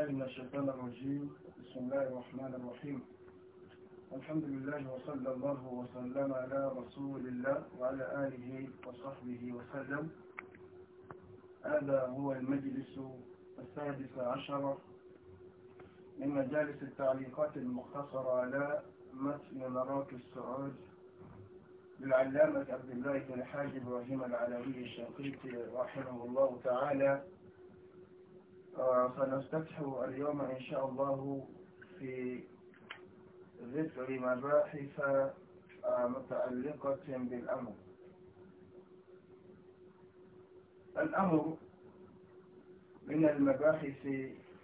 الله من الشيطان الرجيم بسم الله الرحمن الرحيم الحمد لله وصلى الله وسلم على رسول الله وعلى آله وصحبه وسلم هذا هو المجلس السادس عشر من مجالس التعليقات المختصرة على متن مراك السعود للعلامة عبد الله بن حاج إبراهيم العلوي الشنقيطي رحمه الله تعالى فنفتتح اليوم إن شاء الله في ذكر مباحث متعلقة بالأمر الأمر من المباحث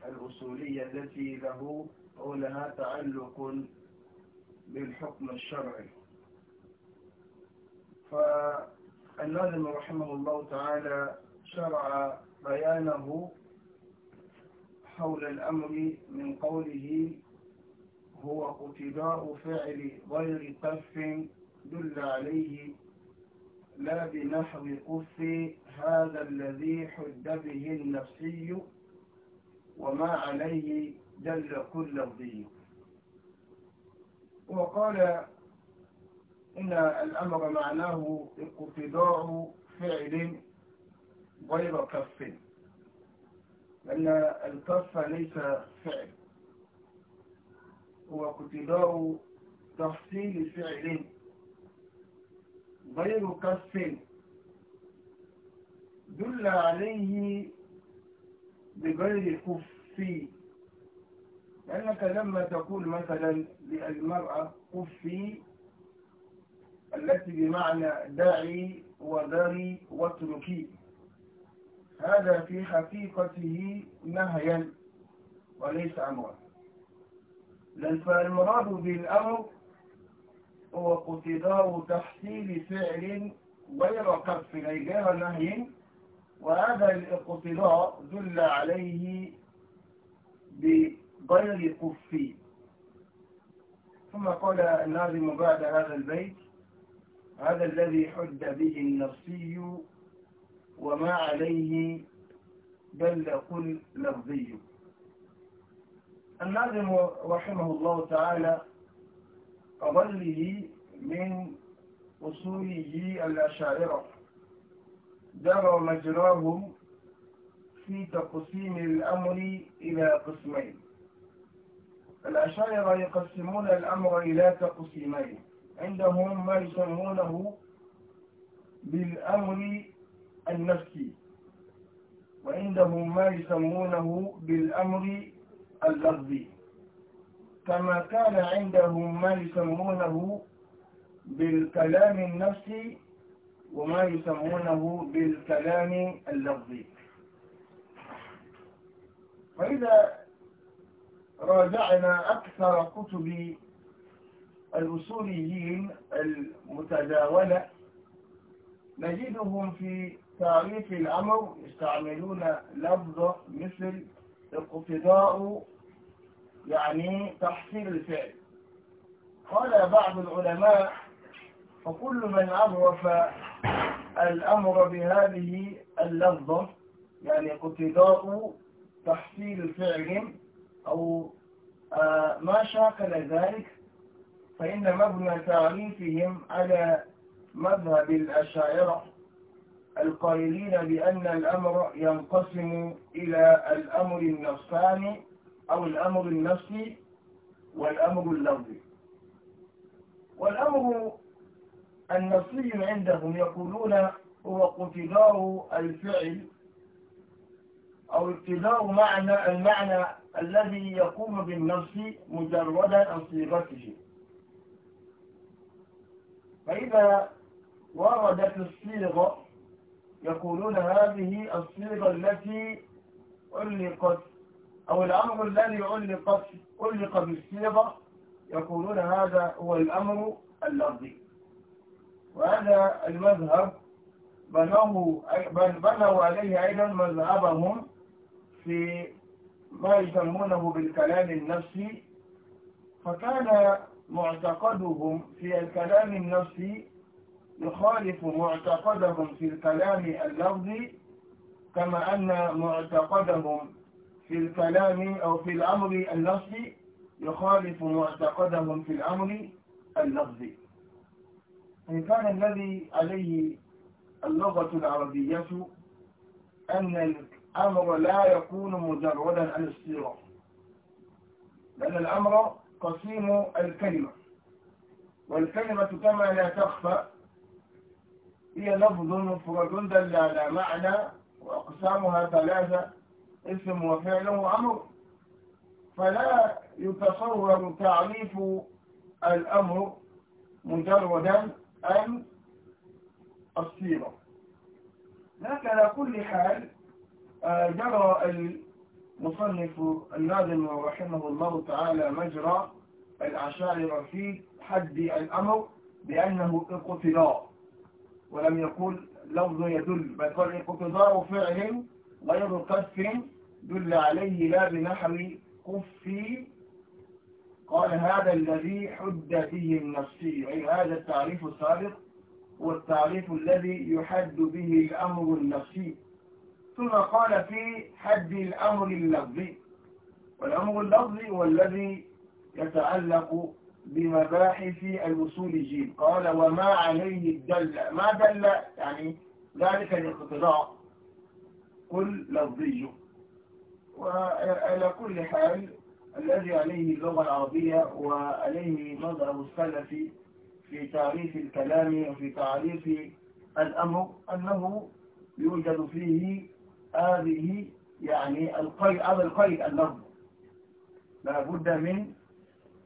الأصولية التي له أو لها تعلق بالحكم الشرعي فالنظم رحمه الله تعالى شرع بيانه حول الأمر من قوله هو اقتداء فعل غير قف دل عليه لا بنحو قف هذا الذي حد به النفسي وما عليه دل كل لفظي وقال إن الأمر معناه اقتداء فعل غير كف لأن الكف ليس فعل هو اقتداء تحصيل فعل غير كف دل عليه بغير كفي لأنك لما تقول مثلا للمرأة كفي التي بمعنى داعي وذري واتركي هذا في حقيقته نهيا وليس أمرا فالمراد بالأمر هو اقتضاء تحصيل فعل غير قصف أي غير نهي وهذا الاقتضاء دل عليه بغير كفي ثم قال الناظم بعد هذا البيت هذا الذي حد به النفسي وما عليه بل قل لفظي الناظم رحمه الله تعالى قبله من أصوله الأشاعرة جرى مجراهم في تقسيم الأمر إلى قسمين الأشاعرة يقسمون الأمر إلى تقسيمين عندهم ما يسمونه بالأمر النفسي وعنده ما يسمونه بالأمر اللفظي كما كان عندهم ما يسمونه بالكلام النفسي وما يسمونه بالكلام اللفظي فإذا راجعنا أكثر كتب الأصوليين المتداولة نجدهم في تعريف الأمر يستعملون لفظ مثل اقتضاء يعني تحصيل الفعل قال بعض العلماء فكل من عرف الأمر بهذه اللفظة يعني اقتضاء تحصيل فعل أو آه، ما شاكل ذلك فإن مبنى تعريفهم على مذهب الأشاعرة القائلين بأن الأمر ينقسم إلى الأمر النفساني أو الأمر النفسي والأمر اللفظي والأمر النفسي عندهم يقولون هو اقتدار الفعل أو اقتدار معنى المعنى الذي يقوم بالنفس مجردا عن صيغته فإذا وردت الصيغة يقولون هذه الصيغة التي علقت أو الأمر الذي علقت علق بالصيغة يقولون هذا هو الأمر اللفظي وهذا المذهب بنوه بنوا عليه أيضا مذهبهم في ما يسمونه بالكلام النفسي فكان معتقدهم في الكلام النفسي يخالف معتقدهم في الكلام اللفظي كما أن معتقدهم في الكلام أو في الأمر اللفظي يخالف معتقدهم في الأمر اللفظي إن كان الذي عليه اللغة العربية أن الأمر لا يكون مجردا عن الصيغة لأن الأمر قسيم الكلمة والكلمة كما لا تخفى هي لفظ مفرد دل على معنى وأقسامها ثلاثة اسم وفعل وأمر فلا يتصور تعريف الأمر مجردا عن الصيغة لكن على كل حال آه، جرى المصنف الناظم رحمه الله تعالى مجرى الأشاعرة في حد الأمر بأنه اقتلاء ولم يقول لفظ يدل بل قال اقتضاء فعل غير كف دل عليه لا بنحو كفي قال هذا الذي حد به النفسي أي هذا التعريف السابق هو التعريف الذي يحد به الأمر النفسي ثم قال في حد الأمر اللفظي والأمر اللفظي هو الذي يتعلق بمباحث الوصول جيم قال وما عليه الدل ما دل يعني ذلك الانقطاع كل لفظي وعلى كل حال الذي عليه اللغة العربية وعليه نظر السلف في تعريف الكلام وفي تعريف الأمر أنه يوجد فيه هذه يعني القيد هذا القيد اللفظ لابد من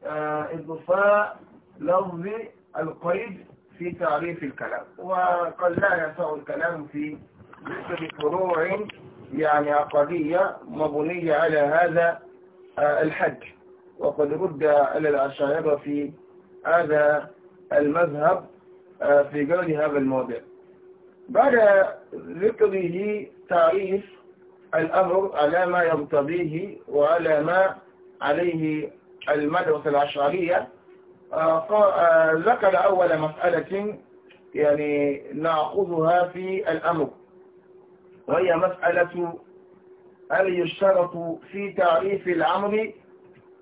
آه، إضفاء لفظ القيد في تعريف الكلام وقد لا يسع الكلام في نسبة فروع يعني عقدية مبنية على هذا آه، الحج وقد رد على الأشاعرة في هذا المذهب آه، في قول هذا الموضع بعد ذكره تعريف الأمر على ما يرتضيه وعلى ما عليه المدرسة الأشعرية آه، آه، ذكر أول مسألة يعني نأخذها في الأمر وهي مسألة هل يشترط في تعريف الأمر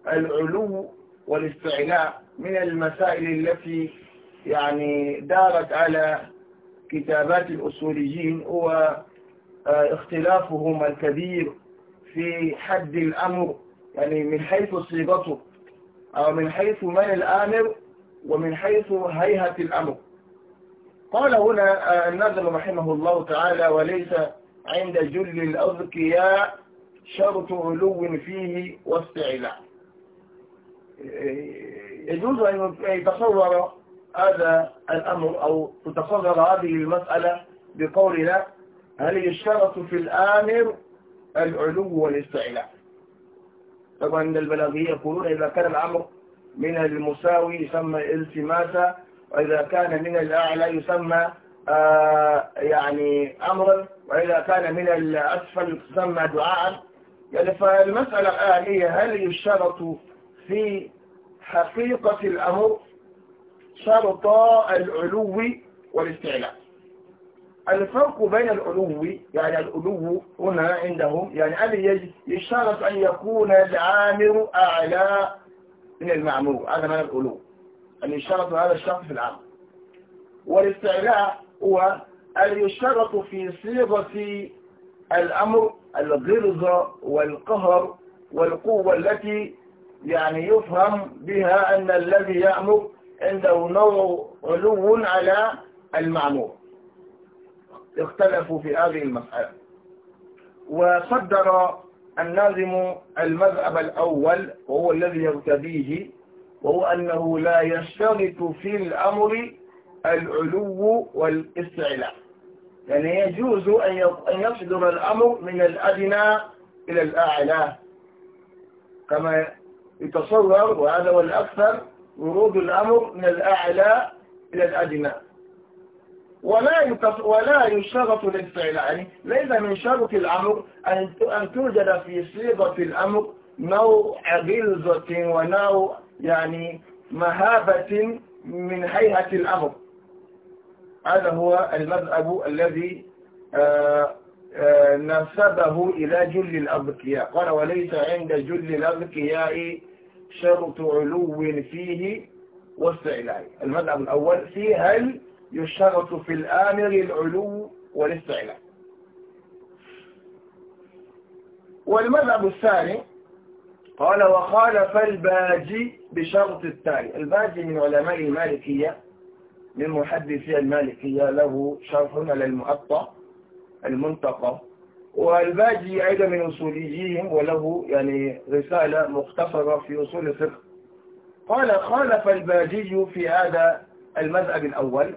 العلو والاستعلاء من المسائل التي يعني دارت على كتابات الأصوليين هو آه، اختلافهم الكبير في حد الأمر يعني من حيث صيغته أو من حيث من الآمر ومن حيث هيهة الأمر قال هنا النظر رحمه الله تعالى وليس عند جل الأذكياء شرط علو فيه واستعلاء يجوز أن يتصور هذا الأمر أو تتصور هذه المسألة بقولنا هل يشترط في الآمر العلو والاستعلاء طبعا عند البلاغية يقولون إذا كان الأمر من المساوي يسمى التماسا وإذا كان من الأعلى يسمى آه، يعني أمرا وإذا كان من الأسفل يسمى دعاء يعني فالمسألة الآن هي هل يشترط في حقيقة الأمر شرط العلو والاستعلاء الفرق بين العلو يعني العلو هنا عندهم يعني هل يشترط أن يكون العامر أعلى من المعمور هذا معنى العلو أن يشترط هذا الشرط في العام والاستعلاء هو أن يشترط في صيغة الأمر الغلظة والقهر والقوة التي يعني يفهم بها أن الذي يأمر عنده نوع علو على المعمور اختلفوا في هذه المسألة وصدر الناظم المذهب الأول وهو الذي يرتديه وهو أنه لا يشترط في الأمر العلو والاستعلاء يعني يجوز أن يصدر الأمر من الأدنى إلى الأعلى كما يتصور وهذا هو الأكثر ورود الأمر من الأعلى إلى الأدنى ولا يتف... ولا يشترط للفعل يعني ليس من شرط الأمر أن أن توجد في صيغة الأمر نوع غلظة ونوع يعني مهابة من هيئة الأمر هذا هو المذهب الذي آه، آه، نسبه إلى جل الأبكياء قال وليس عند جل الأبكياء شرط علو فيه واستعلاء المذهب الأول في هل يشترط في الآمر العلو والاستعلاء والمذهب الثاني قال وخالف الباجي بشرط التالي الباجي من علماء المالكية من محدثي المالكية له شرح على المؤطة المنطقة والباجي أيضا من أصوليهم وله يعني رسالة مختصرة في أصول الفقه قال خالف الباجي في هذا المذهب الأول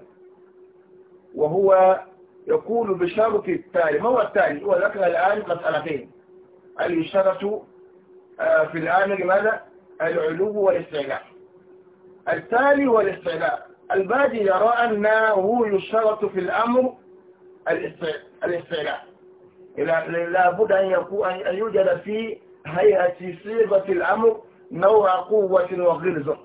وهو يكون بشرط التالي ما هو التالي هو ذكر الآن مسألتين الإشارة آه، في الآن لماذا العلو والاستعلاء التالي والاستعلاء البادي يرى أنه يشترط في الأمر الاستعلاء لا بد أن يكون أن يوجد في هيئة صيغة الأمر نوع قوة وغلظة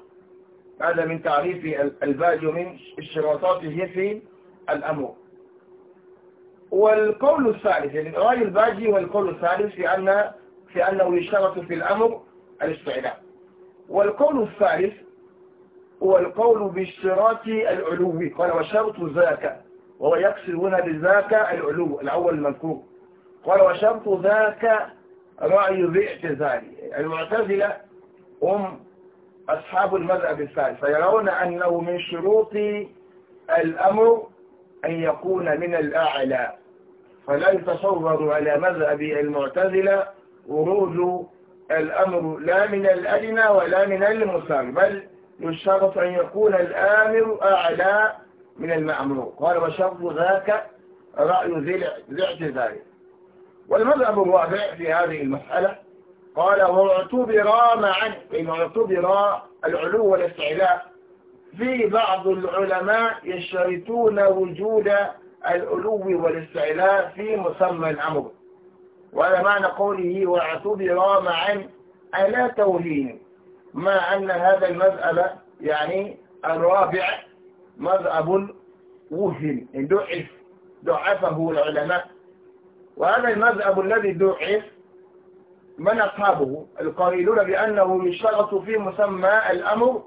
هذا من تعريف البادي من اشتراطاته في الأمر والقول الثالث يعني الرأي الباجي والقول الثالث في أن في أنه يشترط في الأمر الاستعلاء والقول الثالث هو القول باشتراط العلو قال وشرط ذاك وهو يقصد هنا بذاك العلو الأول المذكور قال وشرط ذاك رأي باعتزالي المعتزلة هم أصحاب المذهب الثالث فيرون أنه من شروط الأمر أن يكون من الأعلى فلا يتصور على مذهب المعتزلة ورود الأمر لا من الأدنى ولا من المسام بل يشترط أن يكون الآمر أعلى من المأمور قال وشرط ذاك رأي ذي الاعتزال والمذهب الرابع في هذه المسألة قال واعتبرا معا إن اعتبرا العلو والاستعلاء في بعض العلماء يشترطون وجود الألو والاستعلاء في مسمى الأمر وهذا معنى قوله واعتبر معا ألا توهين مع أن هذا المذهب يعني الرابع مذهب وهم دعف دعفه العلماء وهذا المذهب الذي دعف من أصحابه القائلون بأنه يشترط في مسمى الأمر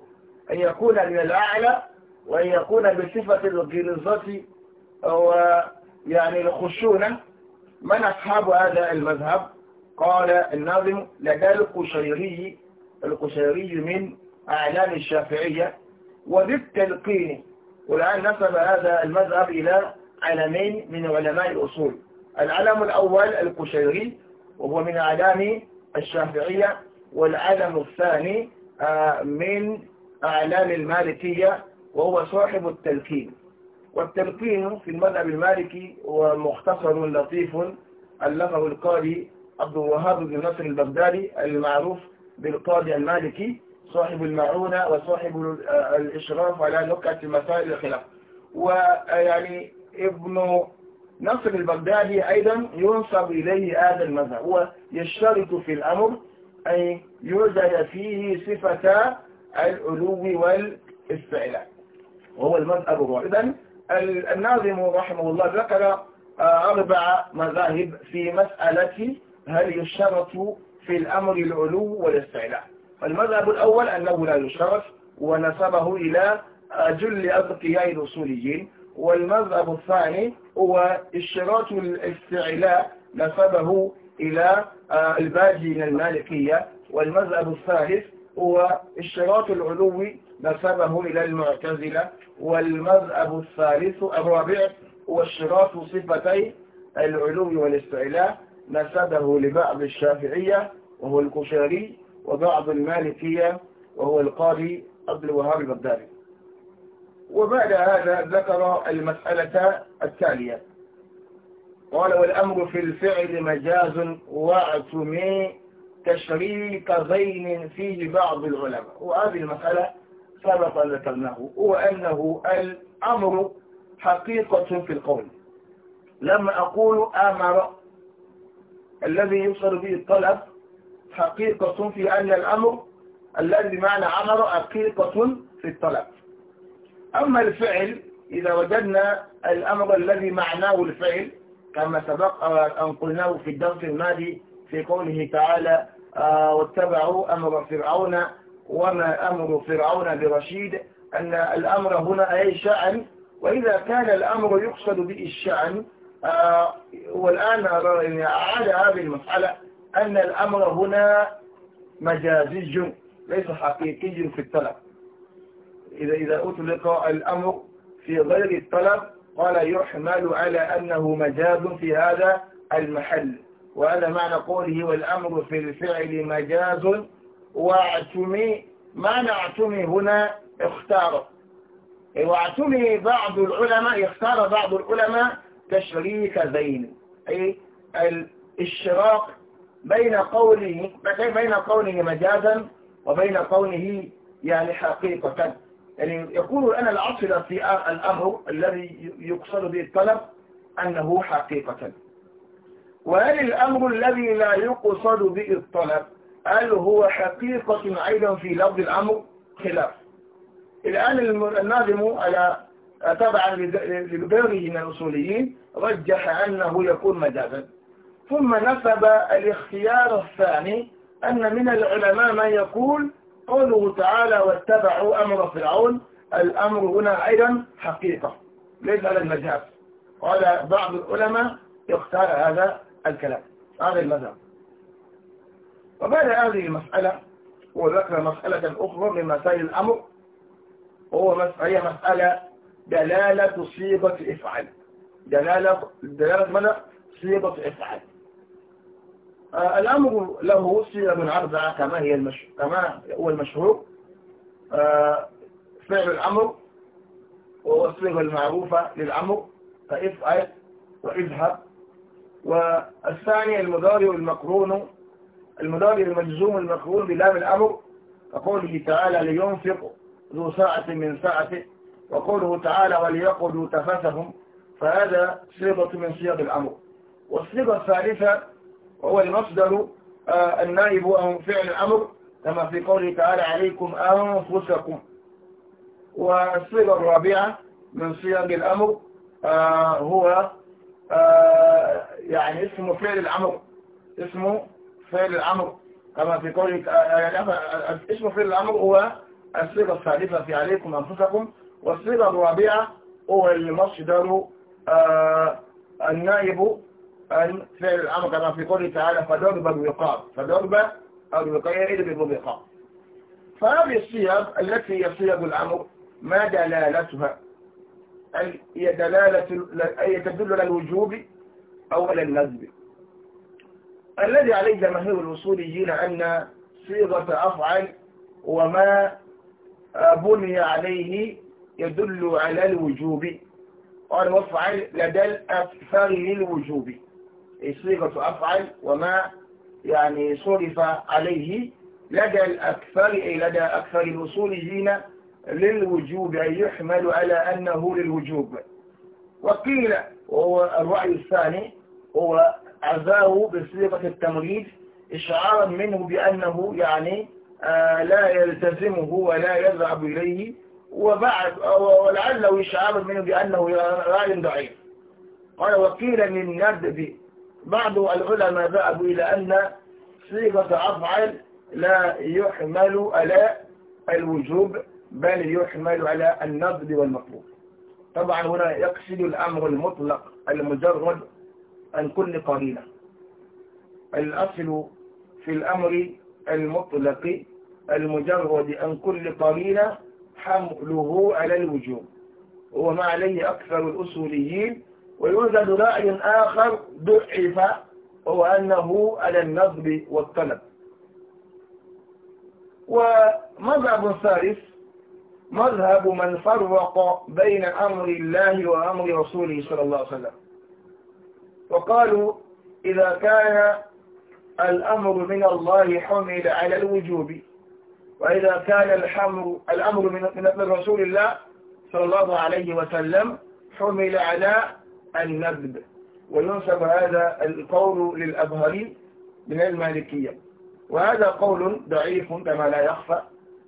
أن يكون من الأعلى وأن يكون بصفة الغلظة ويعني الخشونة من أصحاب هذا المذهب قال الناظم لدى القشيري القشيري من أعلام الشافعية وبالتلقين والآن نسب هذا المذهب إلى علمين من علماء الأصول العلم الأول القشيري وهو من أعلام الشافعية والعلم الثاني آه، من أعلام المالكية وهو صاحب التلكين والتلكين في المذهب المالكي هو مختصر لطيف ألفه القاضي عبد الوهاب بن نصر البغدادي المعروف بالقاضي المالكي صاحب المعونة وصاحب الإشراف على نكهة مسائل الخلاف ويعني ابن نصر البغدادي أيضا ينصب إليه هذا المذهب هو يشترط في الأمر أن يوجد فيه صفة العلو والاستعلاء وهو المذهب الرابع إذا الناظم رحمه الله ذكر آه، أربع مذاهب في مسألة هل يشترط في الأمر العلو والاستعلاء المذهب الأول أنه لا يشترط ونسبه إلى جل أذقياء الأصوليين والمذهب الثاني هو اشتراط الاستعلاء نسبه إلى آه، الباجي من المالكية والمذهب الثالث هو الشراط العلوي نسبه إلى المعتزلة والمذهب الثالث الرابع هو الشراط صفتي العلو والاستعلاء نسبه لبعض الشافعية وهو الكشاري وبعض المالكية وهو القاضي عبد الوهاب البغدادي وبعد هذا ذكر المسألة التالية قال والأمر في الفعل مجاز واعتمي تشريك بين فيه بعض العلماء وهذه المسألة سبق أن ذكرناه هو أنه الأمر حقيقة في القول لما أقول أمر الذي يوصل به الطلب حقيقة في أن الأمر الذي معنى أمر حقيقة في الطلب أما الفعل إذا وجدنا الأمر الذي معناه الفعل كما سبق أن قلناه في الدرس الماضي في قوله تعالى آه، واتبعوا أمر فرعون وما أمر فرعون برشيد أن الأمر هنا أي شأن وإذا كان الأمر يقصد به الشأن آه، والآن يعني أعاد هذه المسألة أن الأمر هنا مجازي ليس حقيقي في الطلب إذا إذا أطلق الأمر في غير الطلب قال يحمل على أنه مجاز في هذا المحل وهذا معنى قوله والأمر في الفعل مجاز واعتمي معنى اعتمي هنا اختار إيه، واعتمي بعض العلماء اختار بعض العلماء تشريك بين أي الاشراق بين قوله بين قوله مجازا وبين قوله يعني حقيقة يعني يقول أن العصر في الأمر الذي يقصد به الطلب أنه حقيقة وهل الأمر الذي لا يقصد به الطلب هل هو حقيقة أيضا في لفظ الأمر خلاف الآن الناظم على تبعا لغيره من الأصوليين رجح أنه يكون مجازا ثم نسب الاختيار الثاني أن من العلماء من يقول قوله تعالى واتبعوا أمر فرعون الأمر هنا أيضا حقيقة ليس على المجاز قال بعض العلماء يختار هذا الكلام هذا المذهب وبعد هذه المسألة هو ذكر مسألة أخرى من مسائل الأمر وهو مسألة مسألة دلالة صيغة إفعال دلالة دلالة ماذا؟ صيغة إفعال آه، الأمر له صيغة من أربعة كما هي المش... كما هو المشهور آه، فعل الأمر وهو الصيغة المعروفة للأمر فافعل واذهب والثاني المضارع المقرون المضارع المجزوم المقرون بلام الأمر كقوله تعالى لينفق ذو ساعة من ساعته وقوله تعالى وليقضوا تفاسهم فهذا صيغة من صيغ الأمر والصيغة الثالثة وهو المصدر آه، النائب أو فعل الأمر كما في قوله تعالى عليكم أنفسكم والصيغة الرابعة من صيغ الأمر آه، هو آه، يعني اسمه فعل الأمر اسمه فعل الأمر كما في قولك آه، اسمه فعل الأمر هو الصيغة الثالثة في عليكم أنفسكم والصيغة الرابعة هو المصدر آه، النائب عن فعل الأمر كما في قوله تعالى فضرب الوقار فضرب الرقاب يعني يضرب فهذه الصيغ التي هي صيغ الأمر ما دلالتها أي هي دلالة أي تدل على الوجوب أولا النسب الذي عليه جماهير الوصوليين أن صيغة أفعل وما بني عليه يدل على الوجوب قال وافعل لدى الأكثر للوجوب إيه صيغة أفعل وما يعني صرف عليه لدى الأكثر أي لدى أكثر الوصوليين للوجوب أي يحمل على أنه للوجوب وقيل وهو الرأي الثاني هو عزاه بصيغة التمريض إشعارا منه بأنه يعني آه، لا يلتزمه ولا يذهب إليه وبعد ولعله إشعارا منه بأنه راي ضعيف قال وقيل للندب بعض العلماء ذهبوا إلى أن صيغة أفعل لا يحمل على الوجوب بل يحمل على النضب والمطلوب طبعا هنا يقصد الأمر المطلق المجرد عن كل قرينة الأصل في الأمر المطلق المجرد عن كل قرينة حمله على الوجوب وما عليه أكثر الأصوليين ويوجد رأي آخر ضعف هو أنه على النظر والطلب ومذهب ثالث مذهب من فرق بين أمر الله وأمر رسوله صلى الله عليه وسلم وقالوا إذا كان الأمر من الله حمل على الوجوب وإذا كان الحمر الأمر من رسول الله صلى الله عليه وسلم حمل على الندب وينسب هذا القول للأبهري من المالكية وهذا قول ضعيف كما لا يخفى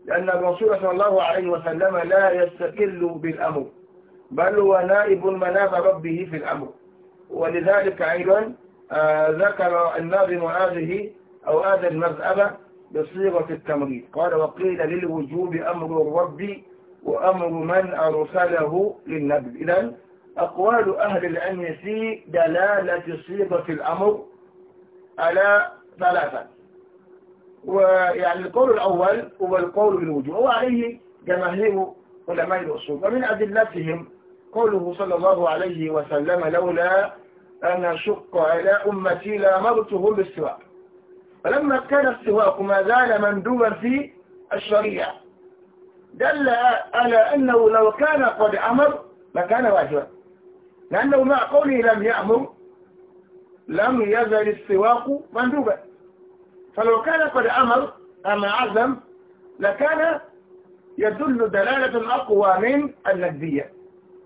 لأن الرسول صلى الله عليه وسلم لا يستقل بالأمر بل هو نائب مناب ربه في الأمر ولذلك أيضا آه، ذكر الناظم هذه أو هذا المذهب بصيغة التمريض قال وقيل للوجوب أمر الرب وأمر من أرسله للنبي إذا أقوال أهل العلم في دلالة صيغة الأمر على ثلاثة ويعني القول الأول هو القول بالوجوب وعليه جماهير علماء الأصول ومن أدلتهم قوله صلى الله عليه وسلم لولا أن أشق على أمتي لأمرتهم بالسواك فلما كان السواك ما زال مندوبا في الشريعة دل على أنه لو كان قد أمر لكان واجبا لأنه مع قوله لم يأمر لم يزل السواق مندوبا فلو كان قد أمر أما عزم لكان يدل دلالة أقوى من النجدية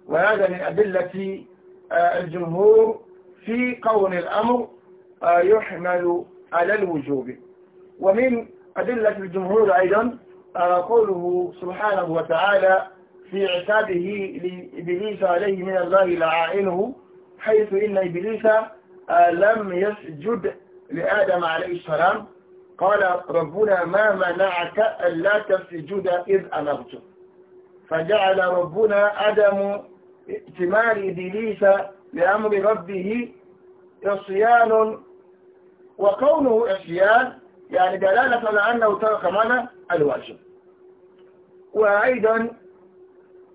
وهذا من أدلة آه، الجمهور في كون الأمر آه، يحمل على الوجوب ومن أدلة الجمهور أيضا آه، قوله سبحانه وتعالى في عتابه لإبليس عليه من الله لعائنه حيث إن إبليس لم يسجد لآدم عليه السلام قال ربنا ما منعك ألا تسجد إذ أمرت فجعل ربنا عدم ائتمار إبليس لأمر ربه عصيان وكونه عصيان يعني دلالة على أنه ترك منع الواجب وأيضا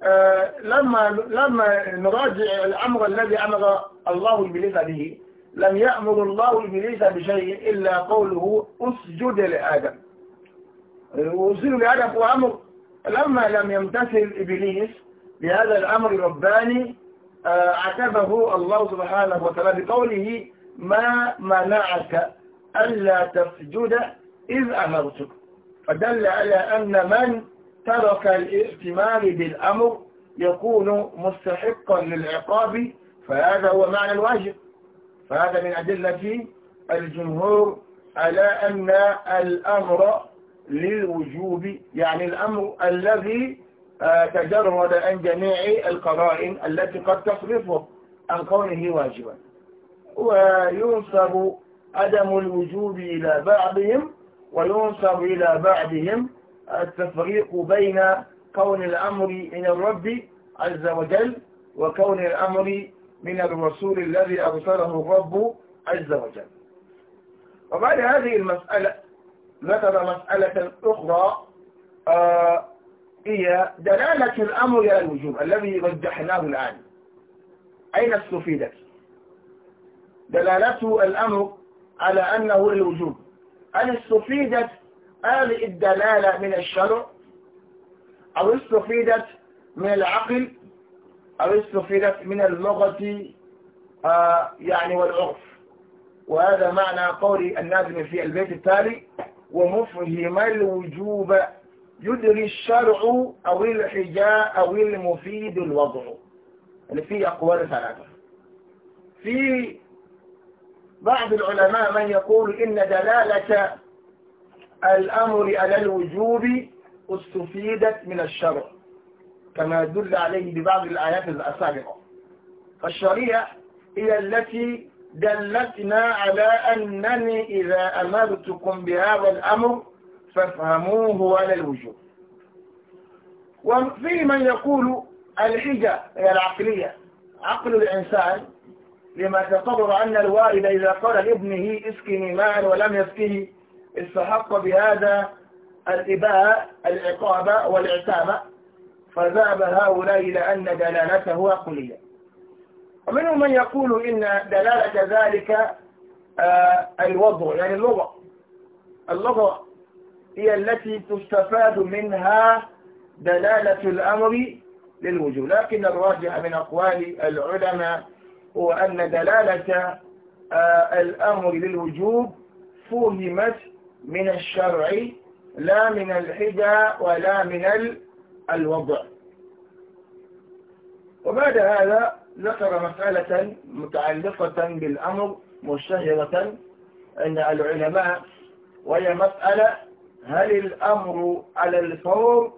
آه لما لما نراجع الأمر الذي أمر الله إبليس به لم يأمر الله إبليس بشيء إلا قوله أسجد لآدم أسجد لآدم هو أمر لما لم يمتثل إبليس لهذا الأمر الرباني آه، عتبه الله سبحانه وتعالى بقوله ما منعك ألا تسجد إذ أمرتك فدل على أن من ترك الاهتمام بالأمر يكون مستحقا للعقاب فهذا هو معنى الواجب فهذا من أدلة الجمهور على أن الأمر للوجوب يعني الأمر الذي آه، تجرد عن جميع القرائن التي قد تصرفه عن كونه واجبا وينسب عدم الوجوب إلى بعضهم وينسب إلى بعضهم التفريق بين كون الأمر من الرب عز وجل وكون الأمر من الرسول الذي أرسله الرب عز وجل وبعد هذه المسألة ذكر مسألة أخرى آه، هي دلالة الأمر إلى الوجوب الذي رجحناه الآن أين استفيدت دلالة الأمر على أنه الوجوب هل استفيدت هذه الدلالة من الشرع أو استفيدت من العقل أو استفيدت من اللغة آه، يعني والعرف وهذا معنى قول النازم في البيت التالي ومفهم الوجوب يدري الشرع أو الحجاء أو المفيد الوضع اللي يعني فيه أقوال ثلاثة في بعض العلماء من يقول إن دلالة الأمر على الوجوب استفيدت من الشرع كما دل عليه ببعض الآيات السابقة فالشريعة هي التي دلتنا على أنني إذا أمرتكم بهذا الأمر فافهموه على الوجوب وفي من يقول الحجة هي العقلية عقل الإنسان لما تعتبر أن الوالد إذا قال لابنه اسكني ماء ولم يسكه استحق بهذا الإباء العقابة والعتابة فذهب هؤلاء إلى أن دلالته عقلية ومنهم من يقول إن دلالة ذلك آه، الوضع يعني اللغة اللغة هي التي تستفاد منها دلالة الأمر للوجوب لكن الراجح من أقوال العلماء هو أن دلالة آه، الأمر للوجوب فهمت من الشرع لا من الحجة ولا من الوضع وبعد هذا ذكر مسألة متعلقة بالأمر مشتهرة عند العلماء وهي مسألة هل الأمر على الفور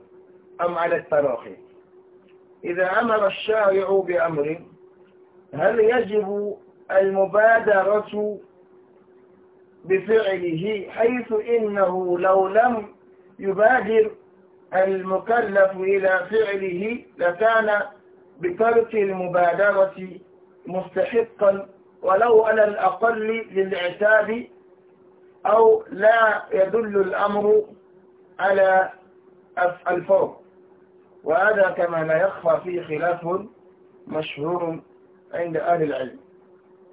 أم على التراخي إذا أمر الشارع بأمر هل يجب المبادرة بفعله حيث إنه لو لم يبادر المكلف إلى فعله لكان بترك المبادرة مستحقا ولو على الأقل للعتاب أو لا يدل الأمر على الفرق وهذا كما لا يخفى فيه خلاف مشهور عند أهل العلم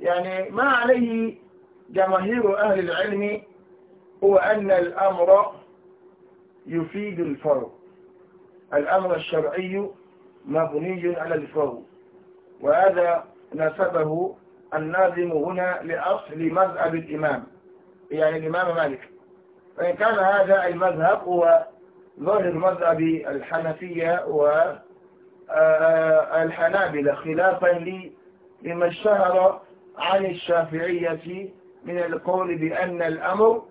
يعني ما عليه جماهير أهل العلم هو أن الأمر يفيد الفرض الأمر الشرعي مبني على الفرض وهذا نسبه الناظم هنا لأصل مذهب الإمام يعني الإمام مالك فإن كان هذا المذهب هو ظاهر مذهب الحنفية والحنابلة آه، آه، خلافا لما اشتهر عن الشافعية من القول بأن الأمر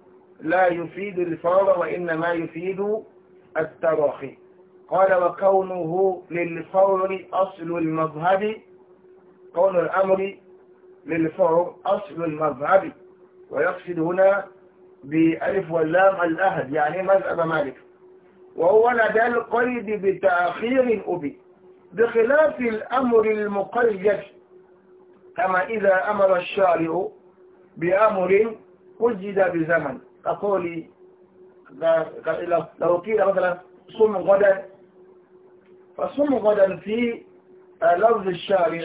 لا يفيد الفور وإنما يفيد التراخي قال وكونه للفور أصل المذهب كون الأمر للفور أصل المذهب ويقصد هنا بألف واللام الأهد يعني مذهب مالك وهو لدى القيد بتأخير أبي بخلاف الأمر المقيد كما إذا أمر الشارع بأمر قيد بزمن كقولي لو قيل مثلا صم غدا فصم غدا في آه، لفظ الشارع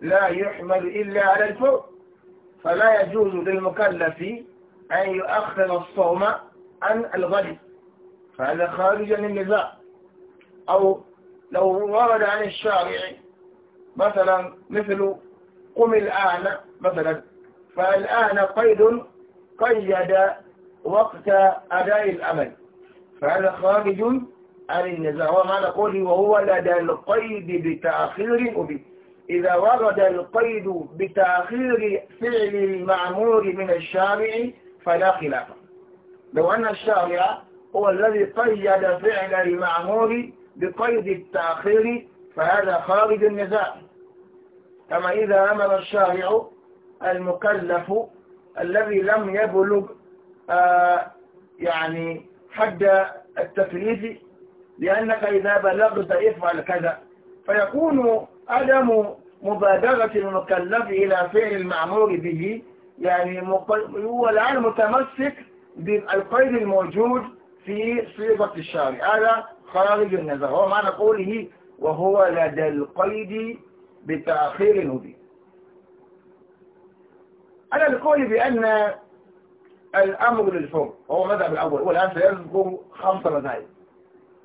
لا يحمل إلا على الفور فلا يجوز للمكلف أن يؤخر الصوم عن الغد فهذا خارج من النزاع أو لو ورد عن الشارع مثلا مثل قم الآن مثلا فالآن قيد قيد وقت أداء الأمل فهذا خارج عن النزاع ومعنى قولي وهو لدى القيد بتأخير أبي إذا ورد القيد بتأخير فعل المعمور من الشارع فلا خلاف لو أن الشارع هو الذي قيد فعل المعمور بقيد التأخير فهذا خارج النزاع كما إذا أمر الشارع المكلف الذي لم يبلغ آه، يعني حد التكليف لأنك إذا بلغت افعل كذا فيكون عدم مبادرة المكلف إلى فعل المعمور به يعني هو الآن متمسك بالقيد الموجود في صيغة الشارع هذا خارج النظر هو معنى قوله وهو لدى القيد بتأخير مبين أنا بقول بأن الأمر للحكم وهو المذهب الأول والآن سيذكر خمس مذاهب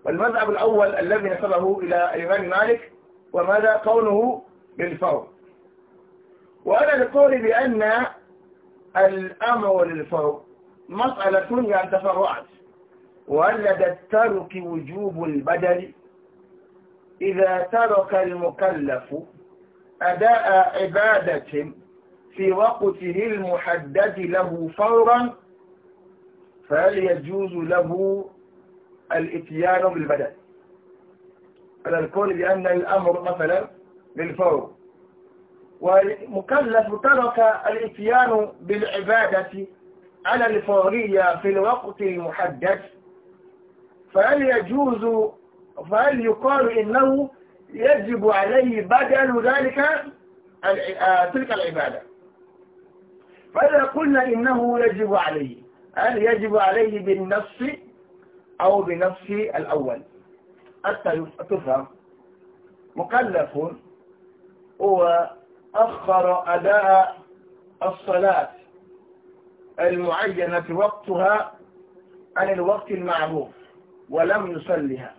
والمذهب الأول الذي نسبه إلى الإمام مالك وماذا قوله للفور وأنا لقولي بأن الأمر للفور مسألة ان تفرعت وهل الترك وجوب البدل إذا ترك المكلف أداء عبادة في وقته المحدد له فورا فهل يجوز له الاتيان بالبدل على الكل بأن الأمر مثلا بالفور والمكلف ترك الاتيان بالعبادة على الفورية في الوقت المحدد فهل يجوز فهل يقال إنه يجب عليه بدل ذلك آه، تلك العبادة فإذا قلنا إنه يجب عليه هل يجب عليه بالنص أو بنص الأول حتى تفهم مكلف هو أخر أداء الصلاة المعينة في وقتها عن الوقت المعروف ولم يصلها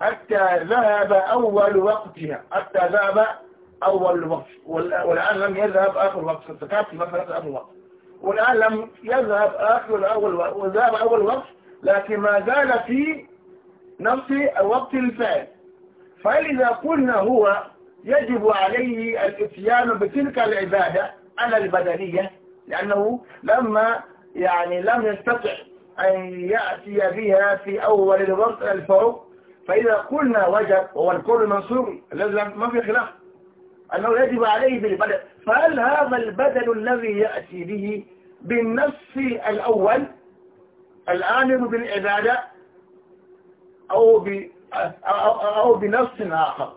حتى ذهب أول وقتها حتى ذهب أول وقت والآن لم يذهب آخر وقت فكانت مثلا آخر وقت والآن لم يذهب آخر أول وقت وذهب أول وقت لكن ما زال في نفس الوقت الفعل فإذا قلنا هو يجب عليه الاتيان بتلك العبادة على البدنية لأنه لما يعني لم يستطع أن يأتي بها في أول الوقت الفوق فإذا قلنا وجب هو الكل المنصوري الذي ما في خلاف أنه يجب عليه بالبدل فهل هذا البدل الذي يأتي به بالنص الأول الآمر بالعبادة أو, ب... أو بنص آخر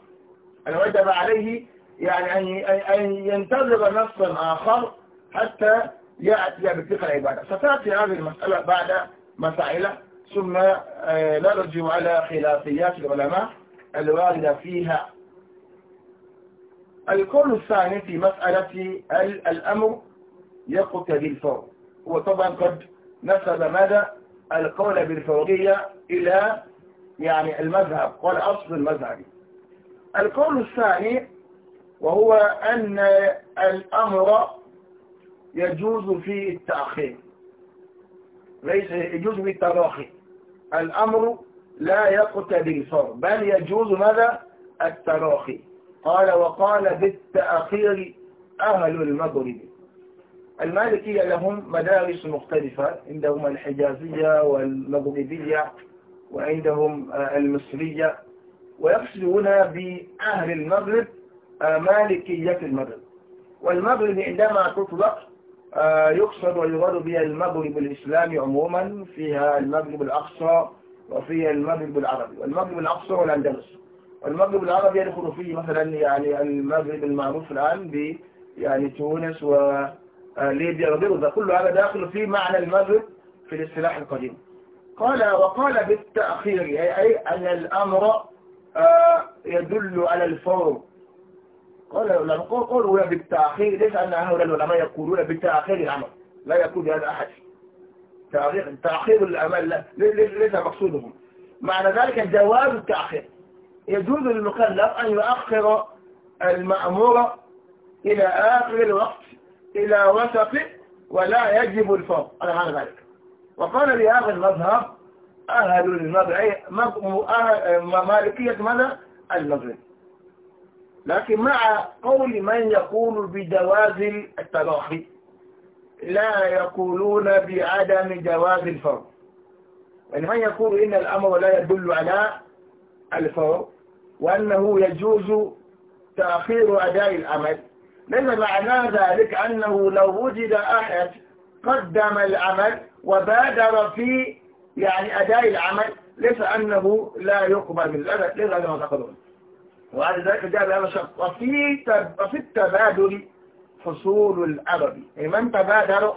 أنه يجب عليه يعني أن ينتظر نصا آخر حتى يأتي بتلك العبادة ستأتي هذه المسألة بعد مسائلة ثم آه، نرجع على خلافيات العلماء الواردة فيها القول الثاني في مسألة الأمر يقتل الفور هو طبعا قد نسب ماذا القول بالفورية إلى يعني المذهب والأصل المذهبي القول الثاني وهو أن الأمر يجوز في التأخير ليس يجوز في التراخي الأمر لا يقتل الفور بل يجوز ماذا التراخي قال وقال بالتأخير أهل المغرب المالكية لهم مدارس مختلفة عندهم الحجازية والمغربية وعندهم آه، المصرية ويقصد هنا بأهل المغرب آه، مالكية المغرب والمغرب عندما تطلق آه، يقصد ويراد بها المغرب الإسلامي عموما فيها المغرب الأقصى وفيها المغرب العربي والمغرب الأقصى والأندلس المغرب العربي يدخل فيه مثلا يعني المغرب المعروف الآن ب يعني تونس وليبيا وغيره كل هذا داخل في معنى المغرب في الاصطلاح القديم قال وقال بالتأخير أي أن الأمر آه، يدل على الفور قال لما قالوا بالتأخير ليس أن هؤلاء العلماء يقولون بالتأخير العمل لا يقول هذا أحد تأخير العمل ليس مقصودهم معنى ذلك جواز التأخير يجوز للمكلف أن يؤخر المأمور إلى آخر الوقت إلى وسطه ولا يجب الفوق على هذا ذلك وقال بهذا المذهب أهل المذهب مالكية ماذا؟ المذهب لكن مع قول من يقول بجواز التراحي لا يقولون بعدم جواز الفور يعني من يقول إن الأمر لا يدل على الفور وأنه يجوز تأخير أداء العمل لأن معنى ذلك أنه لو وجد أحد قدم العمل وبادر في يعني أداء العمل ليس أنه لا يقبل من الأمل ليس ما تقولون وعلى ذلك جاء بهذا الشرط وفي وفي التبادل حصول العربي يعني من تبادر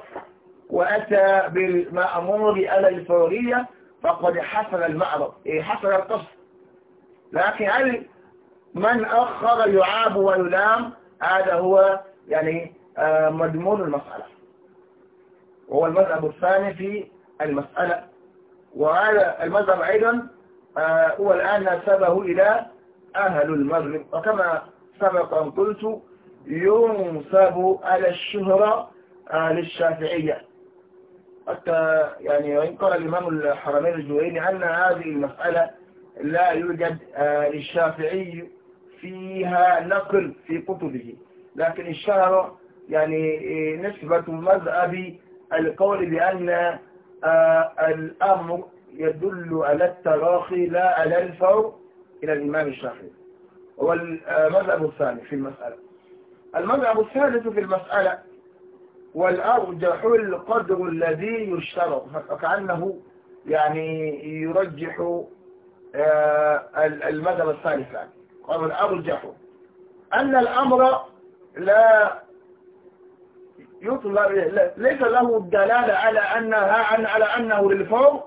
وأتى بالمأمور على الفورية فقد حصل المعرض يعني حصل القصد لكن هل من أخر يعاب ويلام هذا هو يعني آه، مضمون المسألة وهو المذهب الثاني في المسألة وهذا المذهب أيضا آه، هو الآن نسبه إلى أهل المغرب وكما سبق أن قلت ينسب على الشهرة آه، للشافعية حتى يعني وإن قال الإمام الحرمين الجويني أن هذه المسألة لا يوجد آه، للشافعي فيها نقل في كتبه لكن الشهر يعني آه، نسبة مذهب القول بأن آه، الأمر يدل على التراخي لا على الفور إلى الإمام الشافعي هو المذهب الثاني في المسألة المذهب الثالث في المسألة والأرجح القدر الذي يشترط فكأنه يعني يرجح آه، المذهب الثالث قالوا الأرجح أن الأمر لا يطلب ليس له الدلالة على أنها على أنه للفور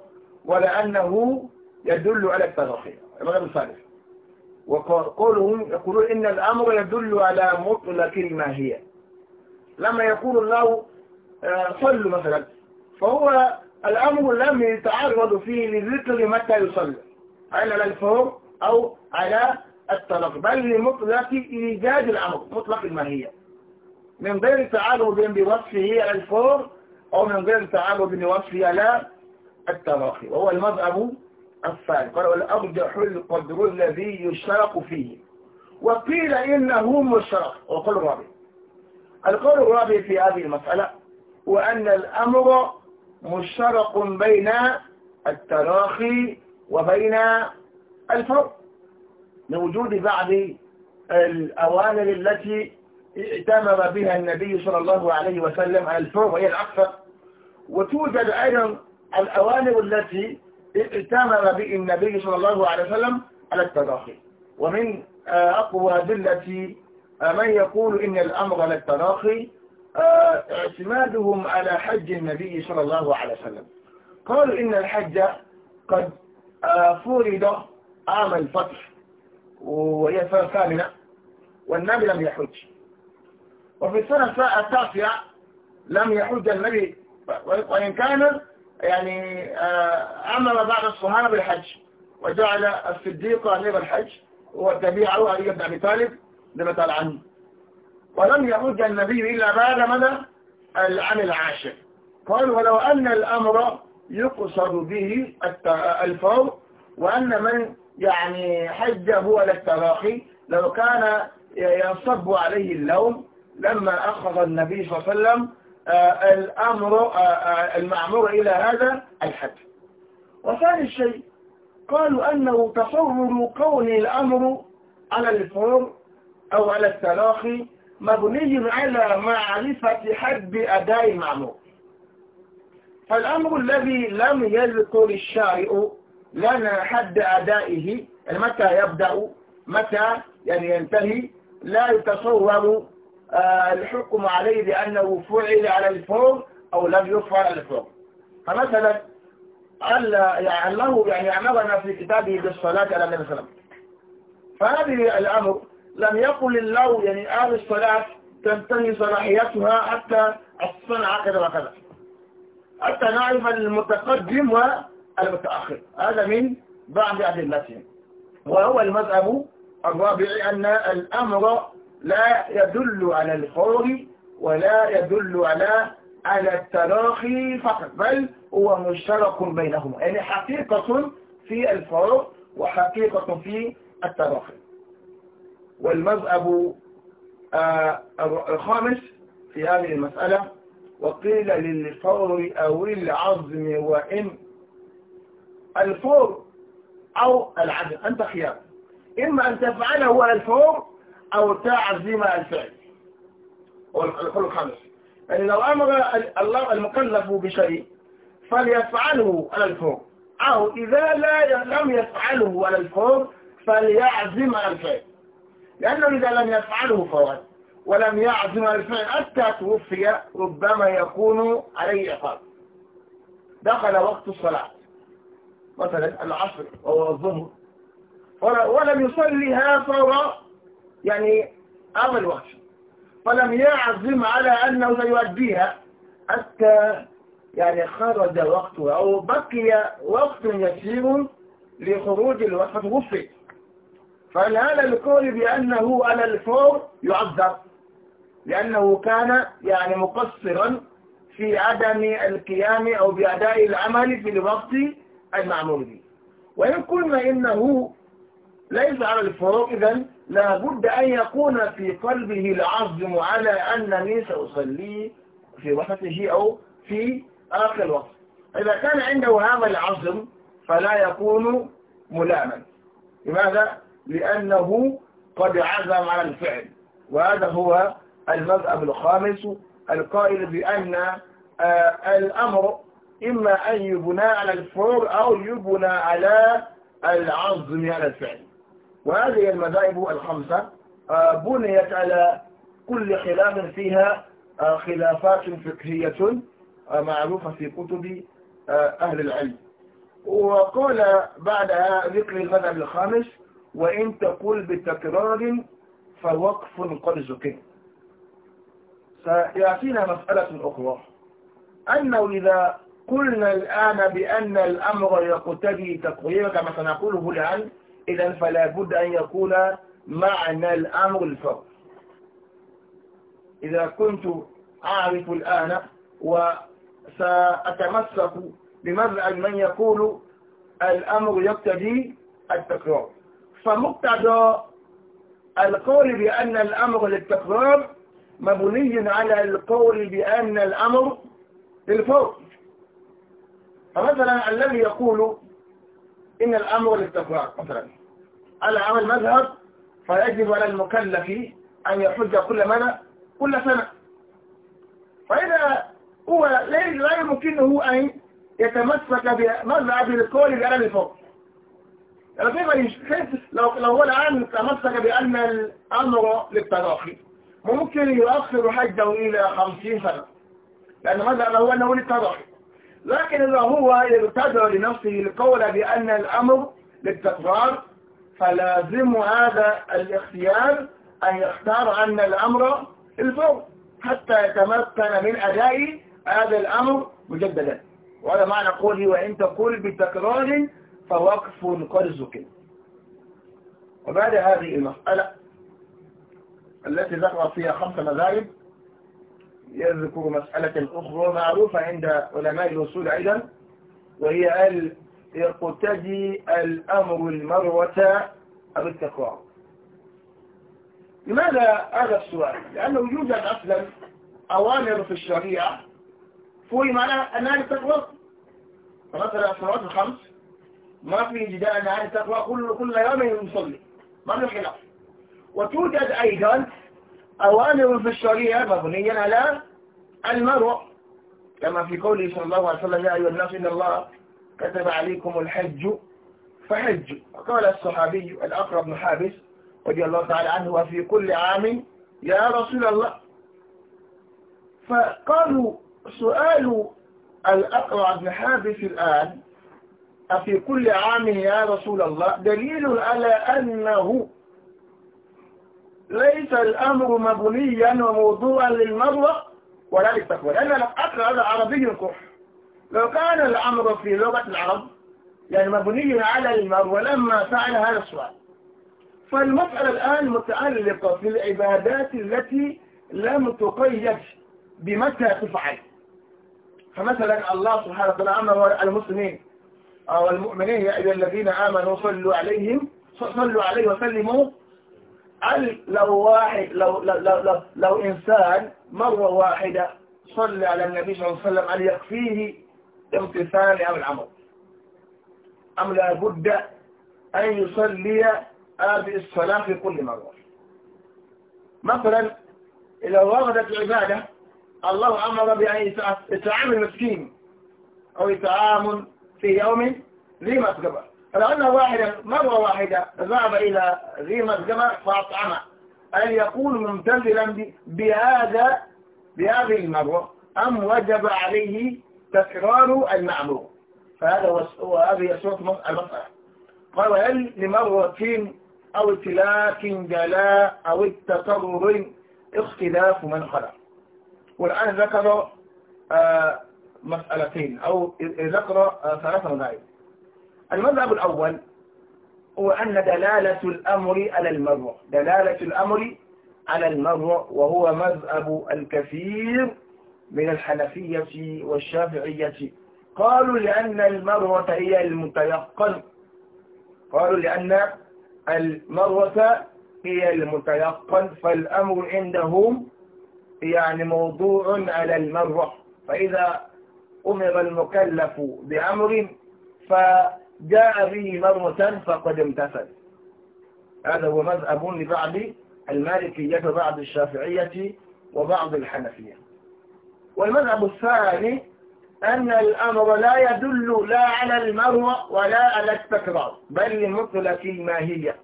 ولا أنه يدل على التغطية المذهب الثالث وقولهم يقولون إن الأمر يدل على مطلق الماهية لما يقول الله آه، صلوا مثلا فهو الأمر لم يتعرض فيه لذكر متى يصلي على الفهم أو على الطلب بل لمطلق إيجاد الأمر مطلق الماهية من غير تعالب بوصفه على الفور أو من غير تعالب بوصفه على التراخي وهو المذهب الثاني قال والأرجح القدر الذي يشترك فيه وقيل إنه مشترك وقال الرابع القول الرابع في هذه المسألة وأن الأمر مشترك بين التراخي وبين الفرق لوجود بعض الأوامر التي ائتمر بها النبي صلى الله عليه وسلم على الفرق وهي الأكثر وتوجد أيضا الأوامر التي ائتمر به النبي صلى الله عليه وسلم على التراخي ومن آه، أقوى أدلة آه، من يقول إن الأمر على التراخي آه، اعتمادهم على حج النبي صلى الله عليه وسلم قالوا إن الحج قد آه، فرض عام الفتح وهي السنة الثامنة والنبي لم يحج وفي السنة التاسعة لم يحج النبي وإن كان يعني آه، أمر بعض الصهاينة بالحج وجعل الصديق أمير الحج وتبيعه علي بن أبي طالب لما قال عنه ولم يحج النبي إلا بعد مدى العام العاشر قال ولو أن الأمر يقصد به الفور وأن من يعني حج هو للتراخي لو كان ينصب عليه اللوم لما أخذ النبي صلى الله عليه وسلم آه، الأمر آه، آه، المعمور إلى هذا الحج وثاني شيء قالوا أنه تصور كون الأمر على الفور أو على التراخي مبني على معرفة حد أداء المعمور فالأمر الذي لم يذكر الشارع لنا حد أدائه يعني متى يبدأ متى يعني ينتهي لا يتصور آه، الحكم عليه بأنه فعل على الفور أو لم يفعل على الفور فمثلا يعني الله يعني أمرنا في كتابه بالصلاة على النبي صلى الله عليه وسلم فهذه الأمر لم يقل الله يعني هذه الصلاة تنتهي صلاحيتها حتى الصنعة كذا وكذا حتى نعرف المتقدم والمتأخر هذا من بعض أدلتهم وهو المذهب الرابع أن الأمر لا يدل على الخروج ولا يدل على على التراخي فقط بل هو مشترك بينهما يعني حقيقة في الفرق وحقيقة في التراخي والمذهب آه، الخامس في هذه المسألة وقيل للفور أو العظم وإن الفور أو العزم أنت خيار إما أن تفعله على الفور أو تعزم الفعل والقول خمس يعني لو أمر الله المكلف بشيء فليفعله على الفور أو إذا لا لم يفعله على الفور فليعزم الفعل لأنه إذا لم يفعله فوات ولم يعزم الفعل حتى توفي ربما يكون عليه عقاب دخل وقت الصلاة مثلا العصر أو الظهر ولم يصليها فهو يعني أما الوقت فلم يعزم على أنه سيؤديها حتى يعني خرج وقتها أو بقي وقت يسير لخروج الوقت فتوفي فالآلة القول بأنه على الفور يعذب لأنه كان يعني مقصرا في عدم القيام أو بأداء العمل في الوقت المعمول به وإن قلنا إنه ليس على الفروق إذا لابد أن يكون في قلبه العزم على أنني سأصلي في وقته أو في آخر الوقت إذا كان عنده هذا العزم فلا يكون ملاما لماذا؟ لأنه قد عزم على الفعل وهذا هو المذهب الخامس القائل بأن آه، الأمر إما أن يبنى على الفور أو يبنى على العظم على الفعل وهذه المذاهب الخمسة آه، بنيت على كل خلاف فيها آه، خلافات فقهية معروفة في كتب أهل العلم وقال بعدها ذكر المذهب الخامس وإن تقول بتكرار فوقف قد زكيه سيأتينا مسألة أخرى أنه إذا قلنا الآن بأن الأمر يقتضي تقرير كما سنقوله الآن إذا فلا بد أن يكون معنى الأمر الفرق إذا كنت أعرف الآن وسأتمسك بمذهب من يقول الأمر يقتضي التكرار فمقتضى القول بأن الأمر للتكرار مبني على القول بأن الأمر للفور فمثلا الذي يقول إن الأمر للتفراق مثلا على عمل مذهب فيجب على المكلف أن يحج كل منى كل سنة فإذا هو لا يمكنه أن يتمسك بمذهب القول بأن الفور يعني كيف لو لو هو الآن تمسك بأن الأمر للتراخي ممكن يؤخر حجه إلى خمسين سنة لأن هذا هو أنه للتضع لكن إذا هو يرتدع لنفسه القول بأن الأمر للتكرار فلازم هذا الاختيار أن يختار أن الأمر الفور حتى يتمكن من أداء هذا الأمر مجددا وهذا معنى قولي وإن تقول بتكرار فوقف قرزك وبعد هذه المسألة التي ذكر فيها خمس مذاهب يذكر مسألة أخرى معروفة عند علماء الوصول أيضا وهي ال يقتدي الأمر المروة أو التكرار لماذا هذا السؤال؟ لأنه يوجد أصلا أوامر في الشريعة فوي معنى أنها للتقوى فمثلا الصلوات الخمس ما في جدال أنها للتقوى كل كل يوم يصلي ما في خلاف وتوجد أيضا أوامر في الشريعة مبنية على المرء كما في قوله صلى الله عليه وسلم يا أيها الناس إن الله كتب عليكم الحج فحج وقال الصحابي الأقرب بن حابس رضي الله تعالى عنه وفي كل عام يا رسول الله فقالوا سؤال الأقرع بن حابس الآن أفي كل عام يا رسول الله دليل على أنه ليس الأمر مبنيا وموضوعا للمروة ولا للتقوى لأن الأصل هذا عربي كح لو كان الأمر في لغة العرب يعني مبني على المروة لما فعل هذا السؤال فالمسألة الآن متعلقة في العبادات التي لم تقيد بمتى تفعل فمثلا الله سبحانه وتعالى أمر المسلمين أو المؤمنين يا أيها الذين آمنوا صلوا عليهم صلوا عليه وسلموا هل لو واحد لو لو لو, لو إنسان مرة واحدة صلى على النبي صلى الله عليه وسلم هل يكفيه امتثال أو العمل أم لا بد أن يصلي هذه الصلاة في كل مرة مثلا إذا وردت العبادة الله أمر بأن يتعامل مسكين أو يتعامل في يوم ذي مسكبر لو أن واحدا مرة واحدة ذهب إلى ذي مسجمة فأطعمه أن يكون ممتثلا بهذا بهذه المرة أم وجب عليه تكرار المعمور فهذا هو هذه صورة المسألة قال وهل لمرة أو اتلاك جلاء أو التكرر اختلاف من خلق والآن ذكر آه، مسألتين أو ذكر آه، ثلاثة مسائل المذهب الأول هو أن دلالة الأمر على المرء دلالة الأمر على المرء وهو مذهب الكثير من الحنفية والشافعية قالوا لأن المروة هي المتيقن قالوا لأن المروة هي المتيقن فالأمر عندهم يعني موضوع على المرء فإذا أمر المكلف بأمر فالأمر جاء به مرة فقد امتثل هذا هو مذهب لبعض المالكية وبعض الشافعية وبعض الحنفية والمذهب الثاني أن الأمر لا يدل لا على المروة ولا على التكرار بل لمطلق الماهية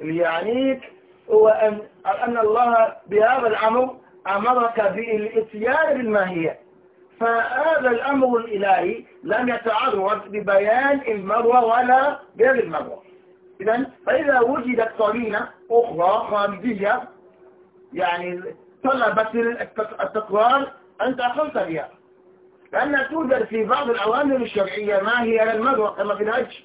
يعنيك هو أن, أن الله بهذا الأمر أمرك بالإتيان بالماهية فهذا الأمر الإلهي لم يتعرض ببيان المروة ولا غير المروة إذا فإذا وجدت قرينة أخرى خارجية يعني طلبت التكرار أنت أخذت بها لأن توجد في بعض الأوامر الشرعية ما هي المروة كما في الهج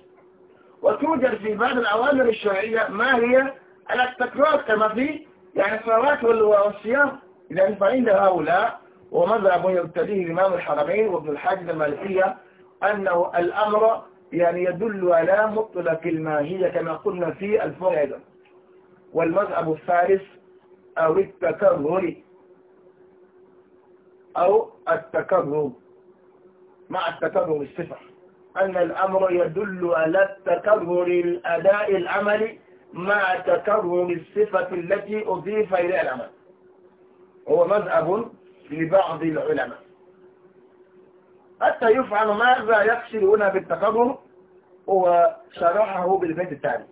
وتوجد في بعض الأوامر الشرعية ما هي على التكرار كما في يعني الصلوات والصيام إذا فعند هؤلاء ومذهب يرتديه الإمام الحرمين وابن الحاج المالكية أنه الأمر يعني يدل على مطلق الماهية كما قلنا في الفرع والمذهب الثالث أو التكرر أو التكرر مع التكرر الصفة أن الأمر يدل على التكرر الأداء العملي مع تكرر الصفة التي أضيف إليها العمل هو مذهب لبعض العلماء حتى يفعل ماذا يقصد هنا بالتكبر هو شرحه بالبيت التالي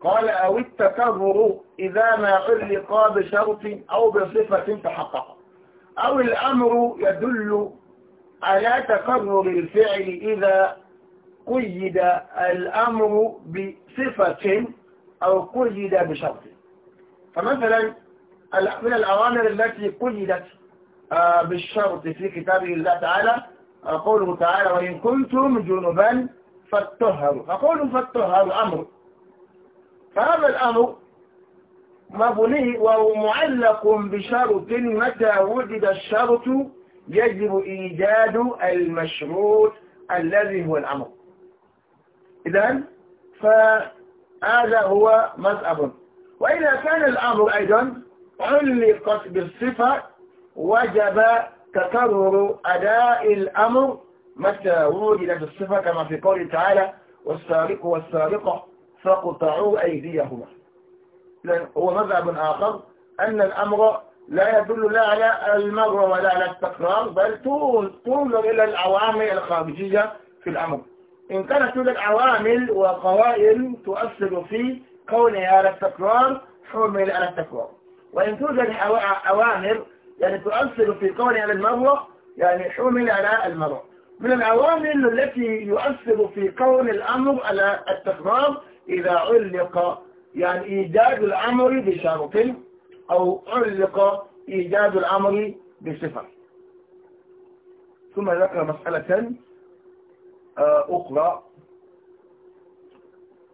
قال أو التكبر إذا ما علق بشرط أو بصفة تحقق أو الأمر يدل على تكرر الفعل إذا قيد الأمر بصفة أو قيد بشرط فمثلا من الأوامر التي قيدت آه، بالشرط في كتابه الله تعالى آه، قوله تعالى وإن كنتم جنبا فاتهروا فقولوا فاتهروا أمر فهذا الأمر مبني وهو معلق بشرط متى وجد الشرط يجب إيجاد المشروط الذي هو الأمر إذا فهذا هو مذهب وإذا كان الأمر أيضا علقت بالصفة وجب تكرر أداء الأمر متى وجدت الصفة كما في قوله تعالى والسارق والسارقة فقطعوا أيديهما هو مذهب آخر أن الأمر لا يدل لا على المر ولا على التكرار بل تنظر إلى العوامل الخارجية في الأمر إن كانت هناك عوامل وقوائل تؤثر في كونها على التكرار حمل على التكرار وإن توجد عوامر يعني تؤثر في قول على المروة يعني حمل على المروة من العوامل التي يؤثر في كون الأمر على التكرار إذا علق يعني إيجاد الأمر بشرط أو علق إيجاد الأمر بصفة ثم ذكر مسألة آه، أخرى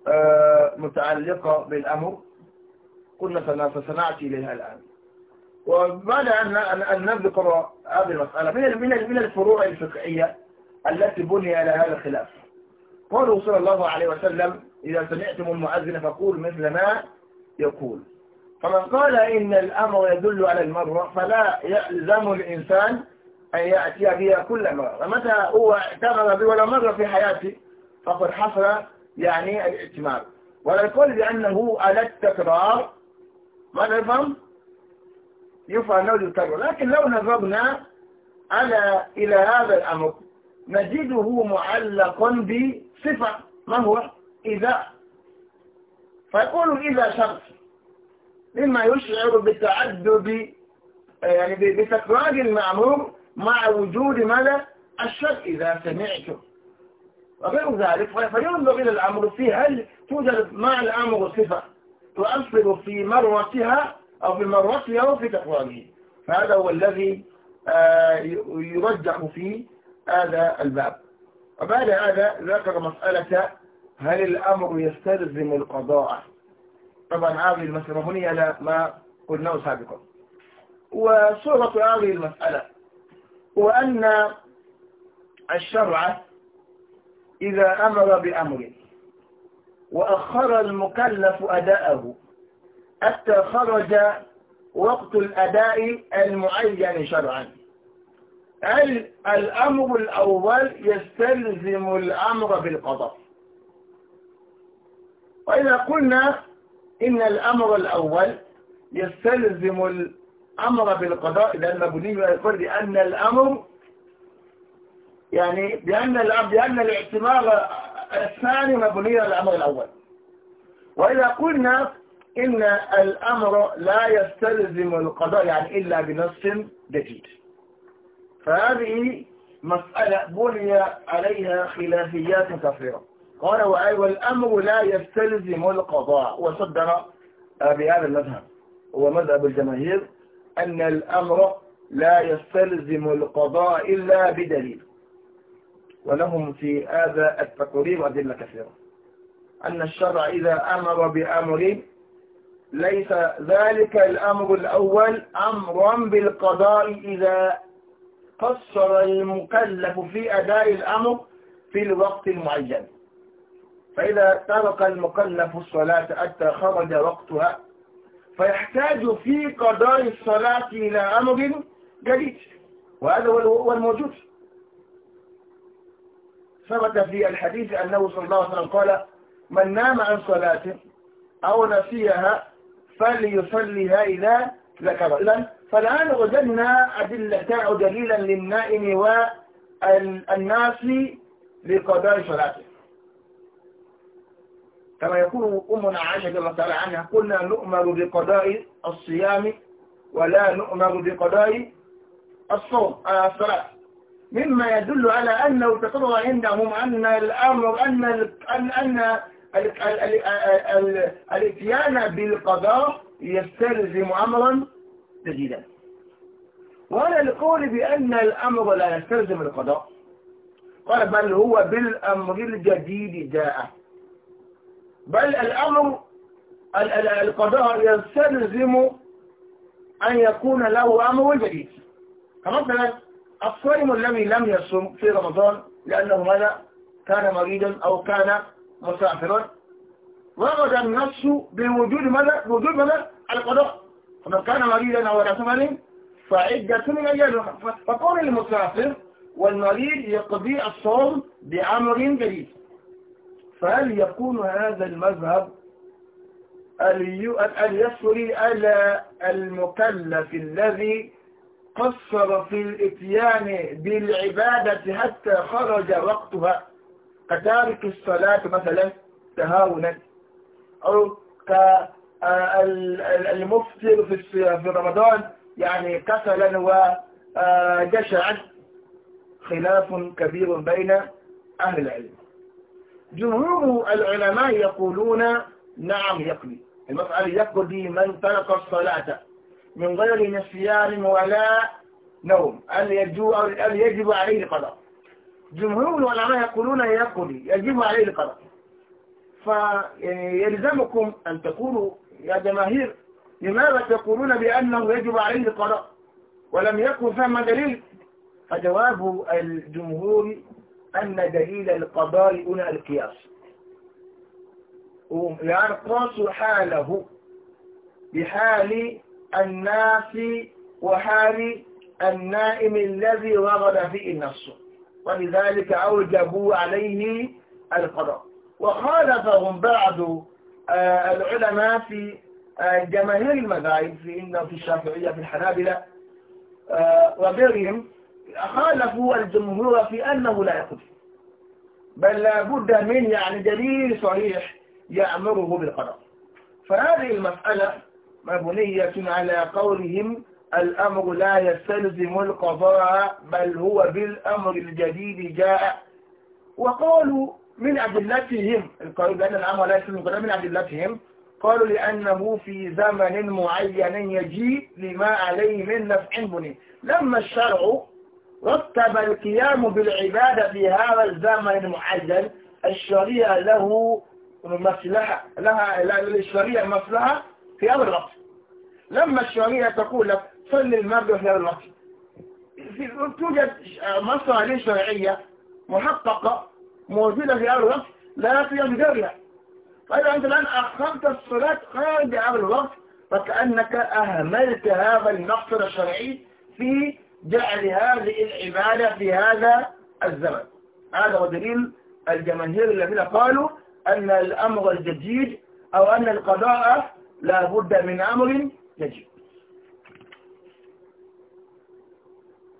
آه، متعلقة بالأمر قلنا سنأتي إليها الآن وبعد أن نذكر هذه المسألة من من الفروع الفقهية التي بني على هذا الخلاف قوله صلى الله عليه وسلم إذا سمعتم المؤذن فقول مثل ما يقول فمن قال إن الأمر يدل على المرة فلا يلزم الإنسان أن يأتي بها كل مرة فمتى هو اعتمر بي ولا مرة في حياته فقد حصل يعني الاعتمار ولا يقول بأنه على التكرار ماذا يفهم؟ يفعل نوع الكبر لكن لو نظرنا على إلى هذا الأمر نجده معلقا بصفة ما هو إذا فيقول إذا شرط مما يشعر بتعدد يعني بتكرار المعمور مع وجود ماذا الشر إذا سمعته وغير ذلك فينظر إلى الأمر فيه هل توجد مع الأمر صفة تؤثر في مروتها أو في المرات أو في تقواله فهذا هو الذي آه، يرجح في هذا الباب وبعد هذا ذكر مسألة هل الأمر يستلزم القضاء طبعا هذه المسألة هنا لا ما قلناه سابقا وصورة هذه المسألة هو أن الشرع إذا أمر بأمر وأخر المكلف أداءه حتى خرج وقت الأداء المعين شرعا هل الأمر الأول يستلزم الأمر بالقضاء وإذا قلنا إن الأمر الأول يستلزم الأمر بالقضاء لأن بني يقول بأن الأمر يعني بأن بأن الاعتمار الثاني مبني على الأمر الأول وإذا قلنا إن الأمر لا يستلزم القضاء يعني إلا بنص جديد فهذه مسألة بني عليها خلافيات كثيرة قال وأي والأمر لا يستلزم القضاء وصدر بهذا المذهب هو مذهب الجماهير أن الأمر لا يستلزم القضاء إلا بدليل ولهم في هذا التقرير أدلة كثيرة أن الشرع إذا أمر بأمر ليس ذلك الأمر الأول أمرا بالقضاء إذا قصر المكلف في أداء الأمر في الوقت المعين فإذا ترك المكلف الصلاة حتى خرج وقتها فيحتاج في قضاء الصلاة إلى أمر جديد وهذا هو الموجود ثبت في الحديث أنه صلى الله عليه وسلم قال من نام عن صلاة أو نسيها فليصلي هائلا ذكر إذن فالآن وجدنا أدلة دليلا للنائم والناس لقضاء صلاته كما يقول أمنا عائشة رضي الله تعالى عنها قلنا نؤمر بقضاء الصيام ولا نؤمر بقضاء الصوم آه، الصلاة مما يدل على أنه تقرر عندهم أن الأمر أن أن الاتيان بالقضاء يستلزم أمرا جديدا ولا القول بأن الأمر لا يستلزم القضاء قال بل هو بالأمر الجديد جاء بل الأمر القضاء يستلزم أن يكون له أمر جديد فمثلا الصائم الذي لم يصم في رمضان لأنه ماذا كان مريضا أو كان مسافرا ورد النص بوجود ماذا بوجود ماذا القضاء فمن كان مريضا او على سفر فعدة من أجل فقال المسافر والمريض يقضي الصوم بأمر جديد فهل يكون هذا المذهب اليسري على المكلف الذي قصر في الاتيان بالعبادة حتى خرج وقتها كتارك الصلاة مثلا تهاونا أو كالمفطر آه، في رمضان يعني كسلا وجشعا آه، خلاف كبير بين أهل العلم جمهور العلماء يقولون نعم يقضي المسألة يقضي من ترك الصلاة من غير نسيان ولا نوم أن يجب عليه القضاء جمهور العلماء يقولون يقضي يجب عليه القضاء فيلزمكم يعني أن تقولوا يا جماهير لماذا تقولون بأنه يجب عليه القضاء ولم يكن ثم دليل فجواب الجمهور أن دليل القضاء هنا القياس ويعرقص حاله بحال الناس وحال النائم الذي وغد فيه النفس ولذلك أوجبوا عليه القضاء وخالفهم بعض آه، العلماء في آه، جماهير المذاهب في في الشافعية في الحنابلة آه، وغيرهم خالفوا الجمهور في أنه لا يقضي بل لابد من يعني دليل صحيح يأمره بالقضاء فهذه المسألة مبنية على قولهم الأمر لا يستلزم القضاء بل هو بالأمر الجديد جاء وقالوا من أدلتهم القالوا بأن الأمر لا يستلزم القضاء من أدلتهم قالوا لأنه في زمن معين يجيء لما عليه من نفع بني لما الشرع رتب القيام بالعبادة في هذا الزمن المعين الشريعة له مصلحة لها للشريعة مصلحة في هذا الوقت لما الشريعة تقول لك صلي المغرب هذا الوقت توجد مصالح شرعية محققة موجودة في هذا الوقت لا قيام جرية فإذا طيب أنت الآن أخرت الصلاة خارج هذا الوقت فكأنك أهملت هذا المقصد الشرعي في جعل هذه العبادة في هذا الزمن هذا هو دليل الجماهير الذين قالوا أن الأمر الجديد أو أن القضاء لابد من أمر جديد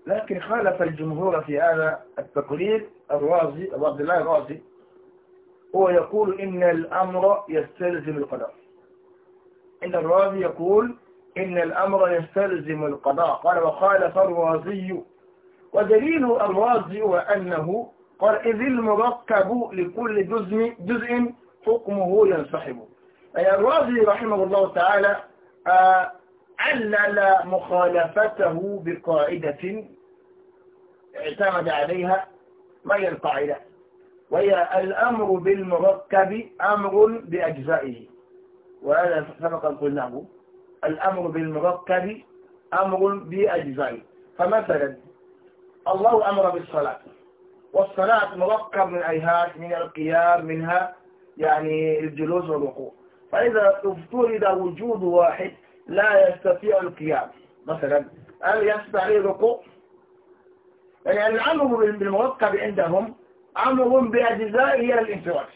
لكن خالف الجمهور في هذا التقرير الرازي عبد الله الرازي هو يقول إن الأمر يستلزم القضاء إن الرازي يقول إن الأمر يستلزم القضاء قال وخالف الرازي ودليل الرازي هو أنه قال إذ المركب لكل جزء, جزء حكمه ينسحب أي يعني الرازي رحمه الله تعالى آه، علل مخالفته بقاعدة اعتمد عليها غير القاعدة وهي الأمر بالمركب أمر بأجزائه وهذا سبق أن قلناه الأمر بالمركب أمر بأجزائه فمثلا الله أمر بالصلاة والصلاة مركب من أيهات من القيام منها يعني الجلوس والوقوف فإذا افترض وجود واحد لا يستطيع القيام مثلا هل يستطيع الركوع يعني العمل بالمركب عندهم عمر بأجزاء هي الانفراد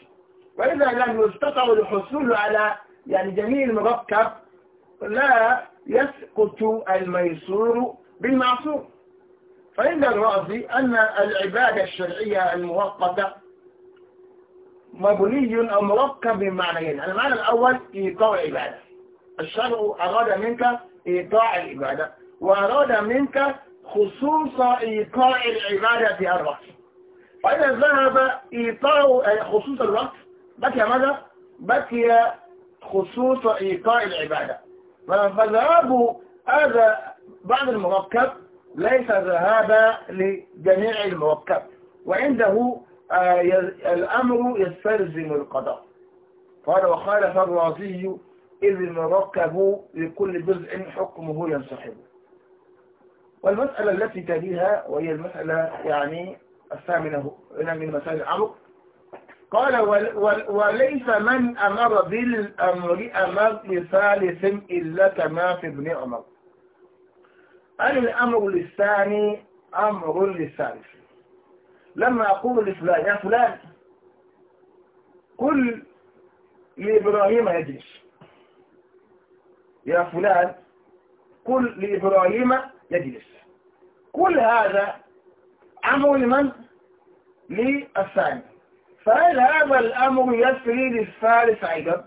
وإذا لم يستطع الحصول على يعني جميع المركب لا يسقط الميسور بالمعصوم فإن الرازي أن العبادة الشرعية المؤقتة مبني أو مركب بمعنيين المعنى الأول إيقاع عبادة الشرع أراد منك إيقاع العبادة وأراد منك خصوص إيقاع العبادة في الرأس فإذا ذهب إيقاع خصوص الرأس بقي ماذا؟ بقي خصوص إيقاع العبادة فذهاب هذا بعض المركب ليس ذهاب لجميع المركب وعنده آه، الأمر يستلزم القضاء قال وخالف الرازي إذ المركب لكل جزء حكمه ينسحب والمسألة التي تليها وهي المسألة يعني الثامنة هنا من مسائل العمق قال وليس من أمر بالأمر أمر لثالث إلا كما في ابن عمر أن الأمر للثاني أمر للثالث لما أقول لفلان يا فلان كل لإبراهيم يجلس يا فلان قل لإبراهيم يجلس كل هذا أمر لمن؟ للثاني فهل هذا الأمر يسري للثالث أيضا؟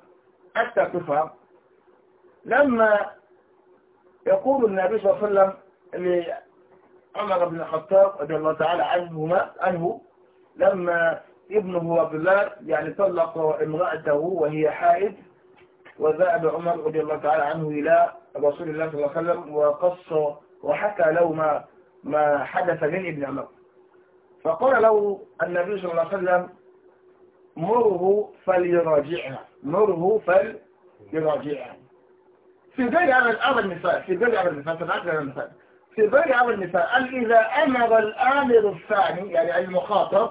حتى تفهم لما يقول النبي صلى الله عليه وسلم لعمر بن الخطاب رضي الله تعالى عنهما عنه لما ابنه عبد الله يعني طلق امرأته وهي حائض وذهب عمر رضي الله تعالى عنه إلى رسول الله صلى الله عليه وسلم وقص وحكى له ما, ما حدث من ابن عمر فقال له النبي صلى الله عليه وسلم مره فليراجعها مره فليراجعها في غير هذا النساء في غير هذا المثال سمعت هذا المثال في غير هذا المثال قال إذا أمر الآمر الثاني يعني المخاطب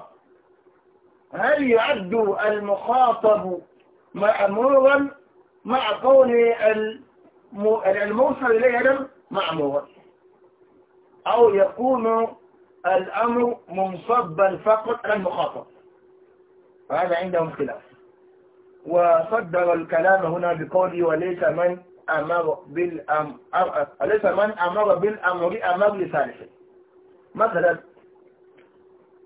هل يعد المخاطب مأمورا مع كون الموصل إليه لم معمور أو يكون الأمر منصبا فقط على المخاطب هذا عندهم خلاف وصدر الكلام هنا بقولي وليس من أمر بالأمر وليس من أمر بالأمر أمر لثالث مثلا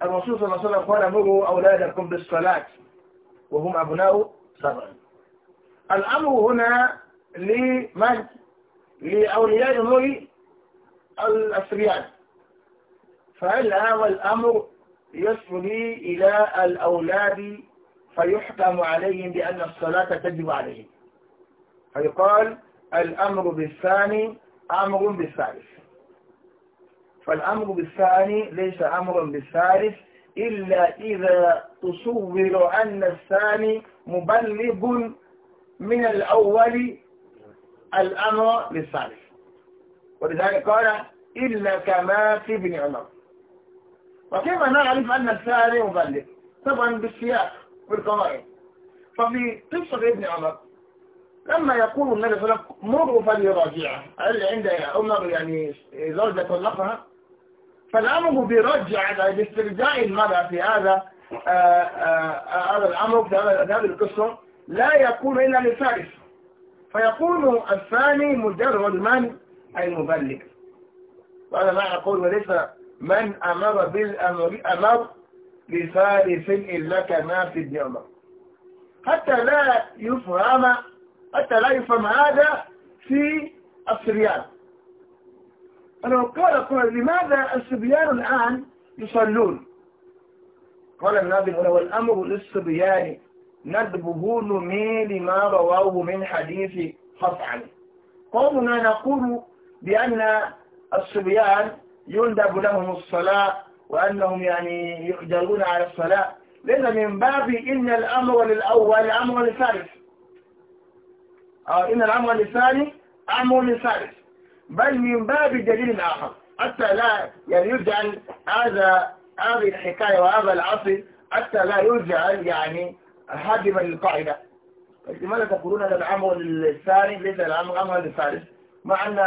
الرسول صلى الله عليه وسلم قال أمروا أولادكم بالصلاة وهم أبناء سبع الأمر هنا لمن لأولياء أمور الأثرياء فهل هذا الأمر يسري إلى الأولاد فيحكم عليهم بأن الصلاة تجب عليهم فيقال الأمر بالثاني أمر بالثالث فالأمر بالثاني ليس أمر بالثالث إلا إذا تصور أن الثاني مبلغ من الأول الأمر للصالح ولذلك قال إلا كما في ابن عمر وكيف نعرف أن الثاني مبلغ طبعا بالسياق والقواعد ففي قصة ابن عمر لما يقول النبي صلى الله عليه وسلم مروا فليراجعها هل عند عمر يعني زوجة طلقها فالأمر برجع باسترجاع المرأة في هذا آآ آه، آآ آه، آه، هذا الأمر في هذه القصة لا يكون إلا للثالث فيكون الثاني مجرد من المبلغ وأنا ما أقول وليس من أمر بالأمر أمر لثالث إلا كما في ابن حتى لا يفهم حتى لا يفهم هذا في الصبيان أنا قال قال لماذا الصبيان الآن يصلون قال النبي هو الأمر للصبيان ندبه نميل ما رواه من حديث قطعاً. قومنا نقول بأن الصبيان يندب لهم الصلاة وأنهم يعني يقدرون على الصلاة لأن من باب إن الأمر للأول أمر للثالث أو آه، إن الأمر للثاني أمر للثالث بل من باب دليل آخر حتى لا يعني يجعل هذا هذه الحكاية وهذا العصر حتى لا يجعل يعني هاجما للقاعدة لماذا تقولون هذا العمر للثاني ليس العمر للثالث مع أن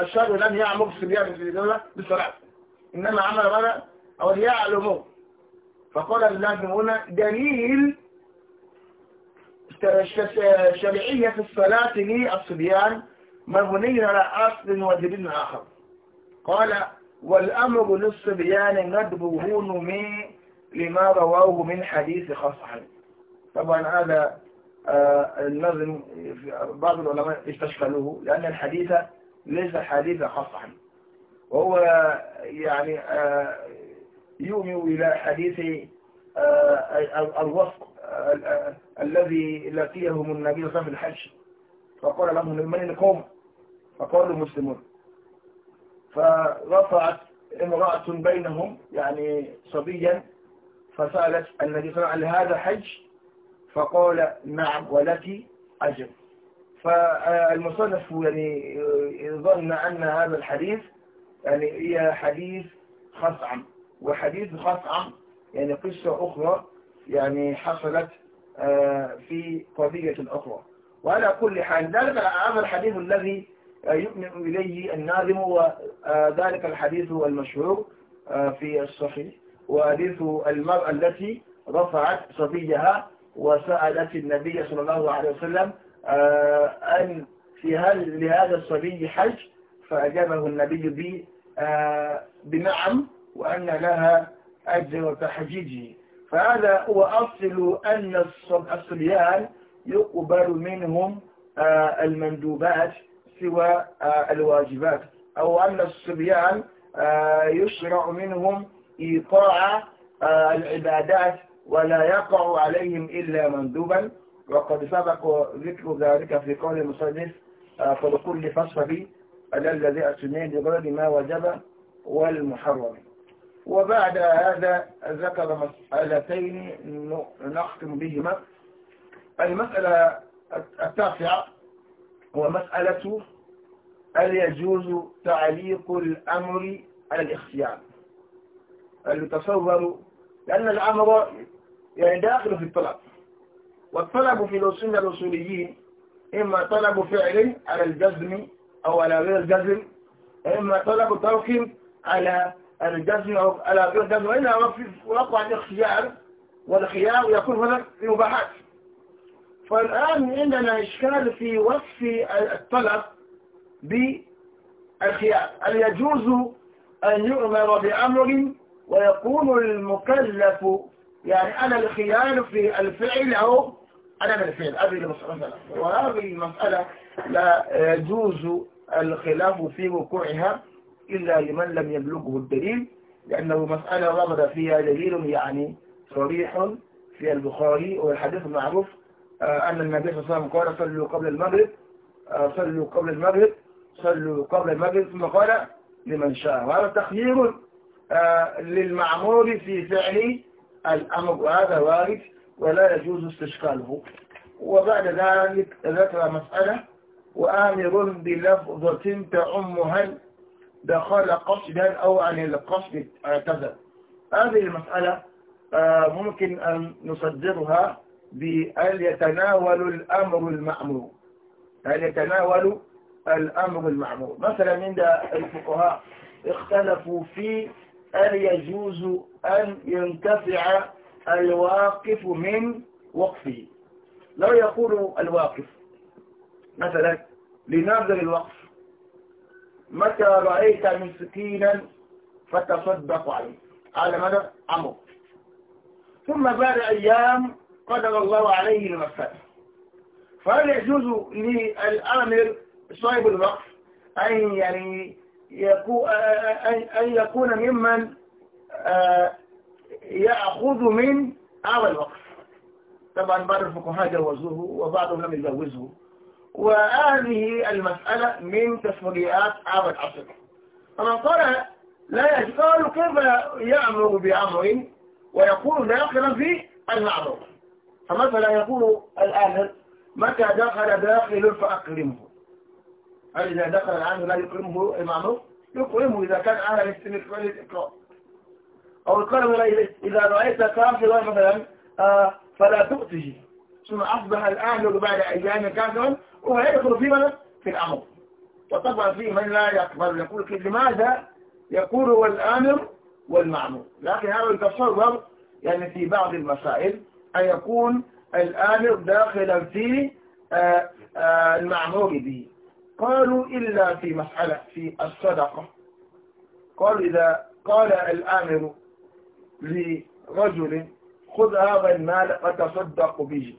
الشاب لم يعمر صبيان في الدولة بالصلاة إنما عمل ماذا أو ليعلمه فقال هنا دليل شرعية الصلاة للصبيان مبني على أصل ودليل آخر قال والأمر للصبيان ندبه نمي لما رواه من حديث خصحل طبعا هذا آه، النظم بعض العلماء استشكلوه لأن الحديث ليس حديث خصحل وهو يعني آه، يؤمن إلى حديث آه، الوصف الذي لقيهم النبي صلى الله عليه وسلم في الحج فقال لهم من القوم فقالوا مسلمون فرفعت امرأة بينهم يعني صبيا فسألت النبي صلى الله عليه وسلم هل هذا حج فقال نعم ولك أجر فالمصنف يعني ظن أن هذا الحديث يعني هي حديث خصعم وحديث خصعم يعني قصة أخرى يعني حصلت آه، في قضية أخرى وعلى كل حال ذلك هذا الحديث الذي يؤمن إليه الناظم وذلك آه، الحديث المشهور آه، في الصحيح وارثوا المرأة التي رفعت صبيها وسألت النبي صلى الله عليه وسلم آه، أن في هل لهذا الصبي حج فأجابه النبي آه، بنعم وأن لها أجر تحجيجه فهذا هو أصل أن الصبيان يقبل منهم آه، المندوبات سوى الواجبات أو أن الصبيان يشرع منهم إيقاع آه، العبادات ولا يقع عليهم إلا مندوبا وقد سبق ذكر ذلك في قول المصنف آه، فلكل فصل الذي أسنين بغير ما وجب والمحرم وبعد هذا ذكر مسألتين نختم بهما المسألة التاسعة ومسألة هل يجوز تعليق الأمر على الاختيار المتصور لأن الأمر يعني داخل في الطلب والطلب في الوصول الأصوليين إما طلب فعل على الجزم أو على غير الجزم إما طلب ترك على الجزم أو على غير الجزم وإنها وقع الاختيار والخيار يكون هناك في مباحات فالآن عندنا إشكال في وصف الطلب بالخيار هل يجوز أن يؤمر بأمر ويكون المكلف يعني أنا الخيال في الفعل أو أنا من الفعل أبي المسألة وهذه المسألة لا يجوز الخلاف في وقوعها إلا لمن لم يبلغه الدليل لأنه مسألة ورد فيها دليل يعني صريح في البخاري والحديث المعروف آه، أن النبي صلى الله عليه وسلم قال صلوا قبل المغرب آه، صلوا قبل المغرب صلوا قبل المغرب ثم قال لمن شاء وهذا تخيير آه، للمعمول في فعل الأمر وهذا وارد ولا يجوز استشكاله وبعد ذلك ذكر مسألة وآمر بلفظة تعم هل دخل قصدا أو عن القصد اعتذر هذه المسألة آه، ممكن أن نصدرها بأن يتناول الأمر المأمور أن يتناول الأمر المأمور مثلا عند الفقهاء اختلفوا في هل يجوز أن ينتفع الواقف من وقفه لو يقول الواقف مثلا لنظر الوقف متى رأيت مسكينا فتصدق عليه على مدى عمره ثم بعد أيام قدر الله عليه المسألة فهل يجوز للآمر صاحب الوقف أن يعني أن يكون ممن آه، يأخذ من أعوى الوقف طبعا بعض الفقهاء جوزوه وبعضهم لم يجوزه وهذه المسألة من تسميات أعوى العصر فمن قال لا يشكال كيف يأمر بأمر ويكون داخلا في المعروف فمثلا يقول الآمر متى دخل داخل فأقلمه هل إذا دخل العام لا يكرمه إمامه يكرمه إذا كان على الاستماع للإقراء أو القرم إذا رأيت كافرا مثلا آه، فلا تؤتيه ثم أصبح الأعمل بعد أيام كافرا وهو يدخل في من في الأمر وطبعا في من لا يقبل يقول كيف لماذا يقول هو الآمر والمعمول لكن هذا يتصور يعني في بعض المسائل أن يكون الآمر داخلا في آه، آه، المعمول به قالوا إلا في مسألة في الصدقة قال إذا قال الآمر لرجل خذ هذا المال وتصدق به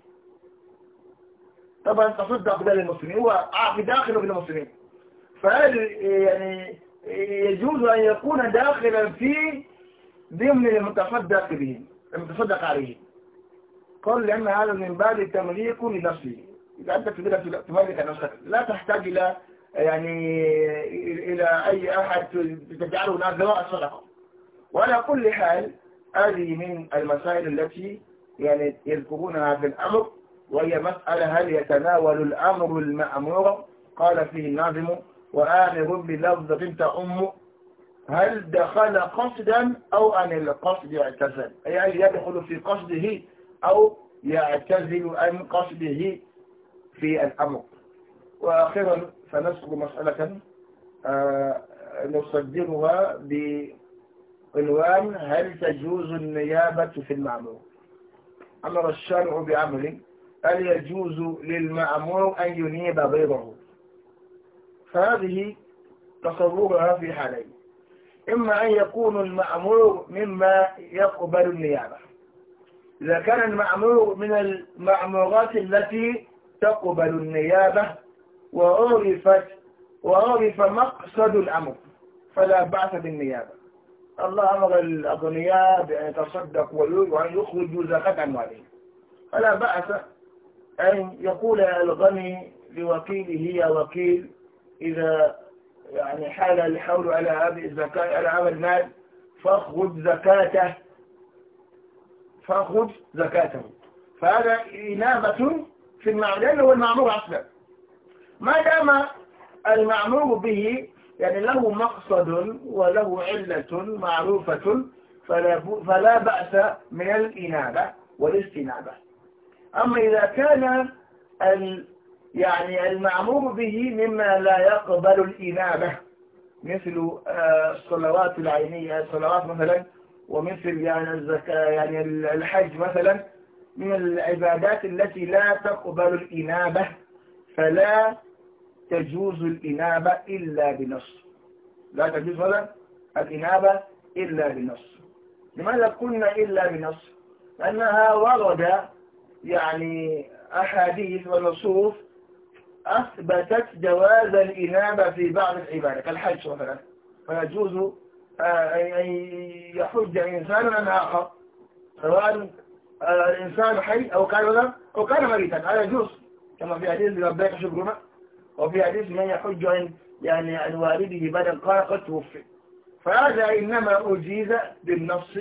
طبعا تصدق ده للمسلمين هو في داخله بالمسلمين فهل يعني يجوز أن يكون داخلا في ضمن المتصدق به المتصدق عليه قال لأن هذا من باب تمليك لنفسه إذا أنت تقدر نفسك لا تحتاج إلى يعني إلى أي أحد تجعله ناظراء صدقة وعلى كل حال هذه من المسائل التي يعني يذكرونها في الأمر وهي مسألة هل يتناول الأمر المأمور قال فيه الناظم وآمر بلفظة أم هل دخل قصدا أو أن القصد يعتزل أي هل يدخل في قصده أو يعتزل عن قصده في الأمر وأخيرا فنذكر مسألة آه، نصدرها بعنوان هل تجوز النيابة في المعمور أمر الشرع بعمل هل يجوز للمعمور أن ينيب غيره فهذه تصورها في حالين إما أن يكون المعمور مما يقبل النيابة إذا كان المعمور من المعمورات التي تقبل النيابة وعرفت وعرف مقصد الأمر فلا بعث بالنيابة الله أمر الأغنياء بأن يتصدقوا وأن يخرجوا زكاة أموالهم فلا بأس أن يقول الغني لوكيله يا وكيل إذا يعني حال الحول على هذه الزكاة على هذا المال فاخذ زكاته فاخذ زكاته فهذا إنابة في المعمور لأنه هو المعمور أصلا ما دام المعمور به يعني له مقصد وله علة معروفة فلا, فلا بأس من الإنابة والاستنابة أما إذا كان يعني المعمور به مما لا يقبل الإنابة مثل آه، الصلوات العينية الصلوات مثلا ومثل يعني الزكاة يعني الحج مثلا من العبادات التي لا تقبل الإنابة فلا تجوز الإنابة إلا بنص لا تجوز ولا الإنابة إلا بنص لماذا قلنا إلا بنص لأنها ورد يعني أحاديث ونصوص أثبتت جواز الإنابة في بعض العبادة كالحج مثلا فيجوز أن يحج إنسان عن آخر سواء الإنسان حي أو كان ولا أو كان ميتا هذا يجوز كما في حديث لبيك شكرنا وفي حديث من يحج عن يعني عن والده بدل قال قد توفي فهذا إنما أجيز بالنص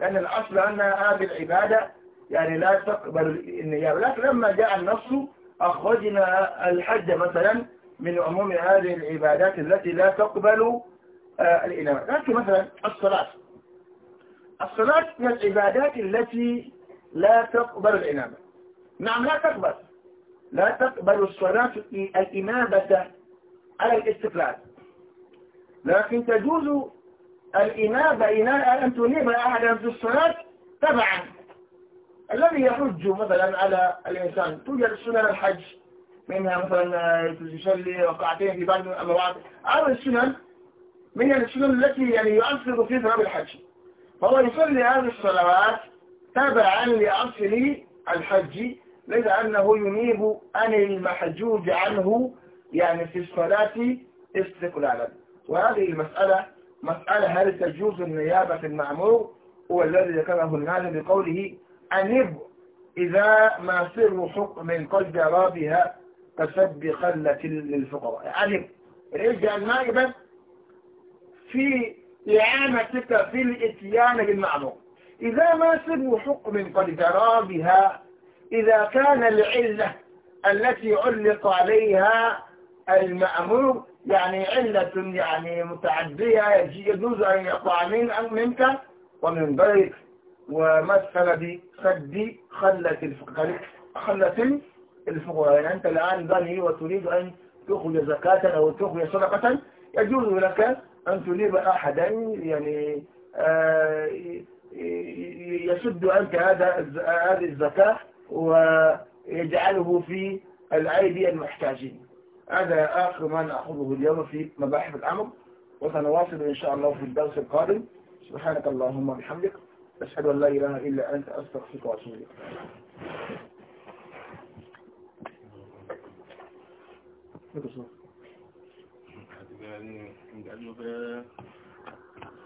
لأن الأصل أن هذه العبادة يعني لا تقبل النيابة لكن لما جاء النص أخرجنا الحج مثلا من عموم هذه العبادات التي لا تقبل آه، الإنابة لكن مثلا الصلاة الصلاة من العبادات التي لا تقبل الإنابة نعم لا تقبل لا تقبل الصلاة الإنابة على الاستقلال لكن تجوز إناء أن تنيب أحدا في الصلاة تبعا الذي يحج مثلا على الإنسان توجد سنن الحج منها مثلا يصلي ركعتين في بعض الأمراض أو السنن من السنن التي يعني يؤثر في ثواب الحج فهو يصلي هذه الصلوات تبعا لأصل الحج لذا أنه ينيب عن المحجوج عنه يعني في الصلاة استقلالا وهذه المسألة مسألة هل تجوز النيابة في المعمور هو الذي ذكره الناس بقوله أنب إذا ما سر حكم قد جرى بها تسب للفقراء أنب اجعل النائبة في إعانتك في الإتيان بالمعمور إذا ما سر حكم قد جرى بها إذا كان العلة التي علق عليها المأمور يعني علة يعني متعدية يجوز أن يقع من منك ومن غيرك ومثل بسد خلة الفقراء خلة الفقراء يعني أنت الآن غني وتريد أن تخرج زكاة أو تخرج صدقة يجوز لك أن تليب أحدا يعني آه يسد عنك هذا هذه الزكاة ويجعله في الأيدي المحتاجين هذا آخر ما نأخذه اليوم في مباحث الأمر وسنواصل إن شاء الله في الدرس القادم سبحانك اللهم وبحمدك أشهد أن لا إله إلا أنت أستغفرك وأتوب إليك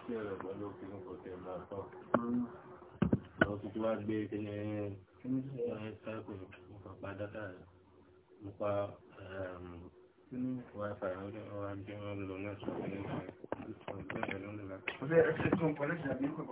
sí ọ̀rọ̀ pẹ̀lú òfin kọ̀tẹ̀ máa tọ́. Àwọn tuntun wá gbé kíni ẹ̀ sáìkò nǹkan pa dátà rẹ̀ nípa wáìfà àwọn ọjọ́ wọn lọ náà sọ̀rọ̀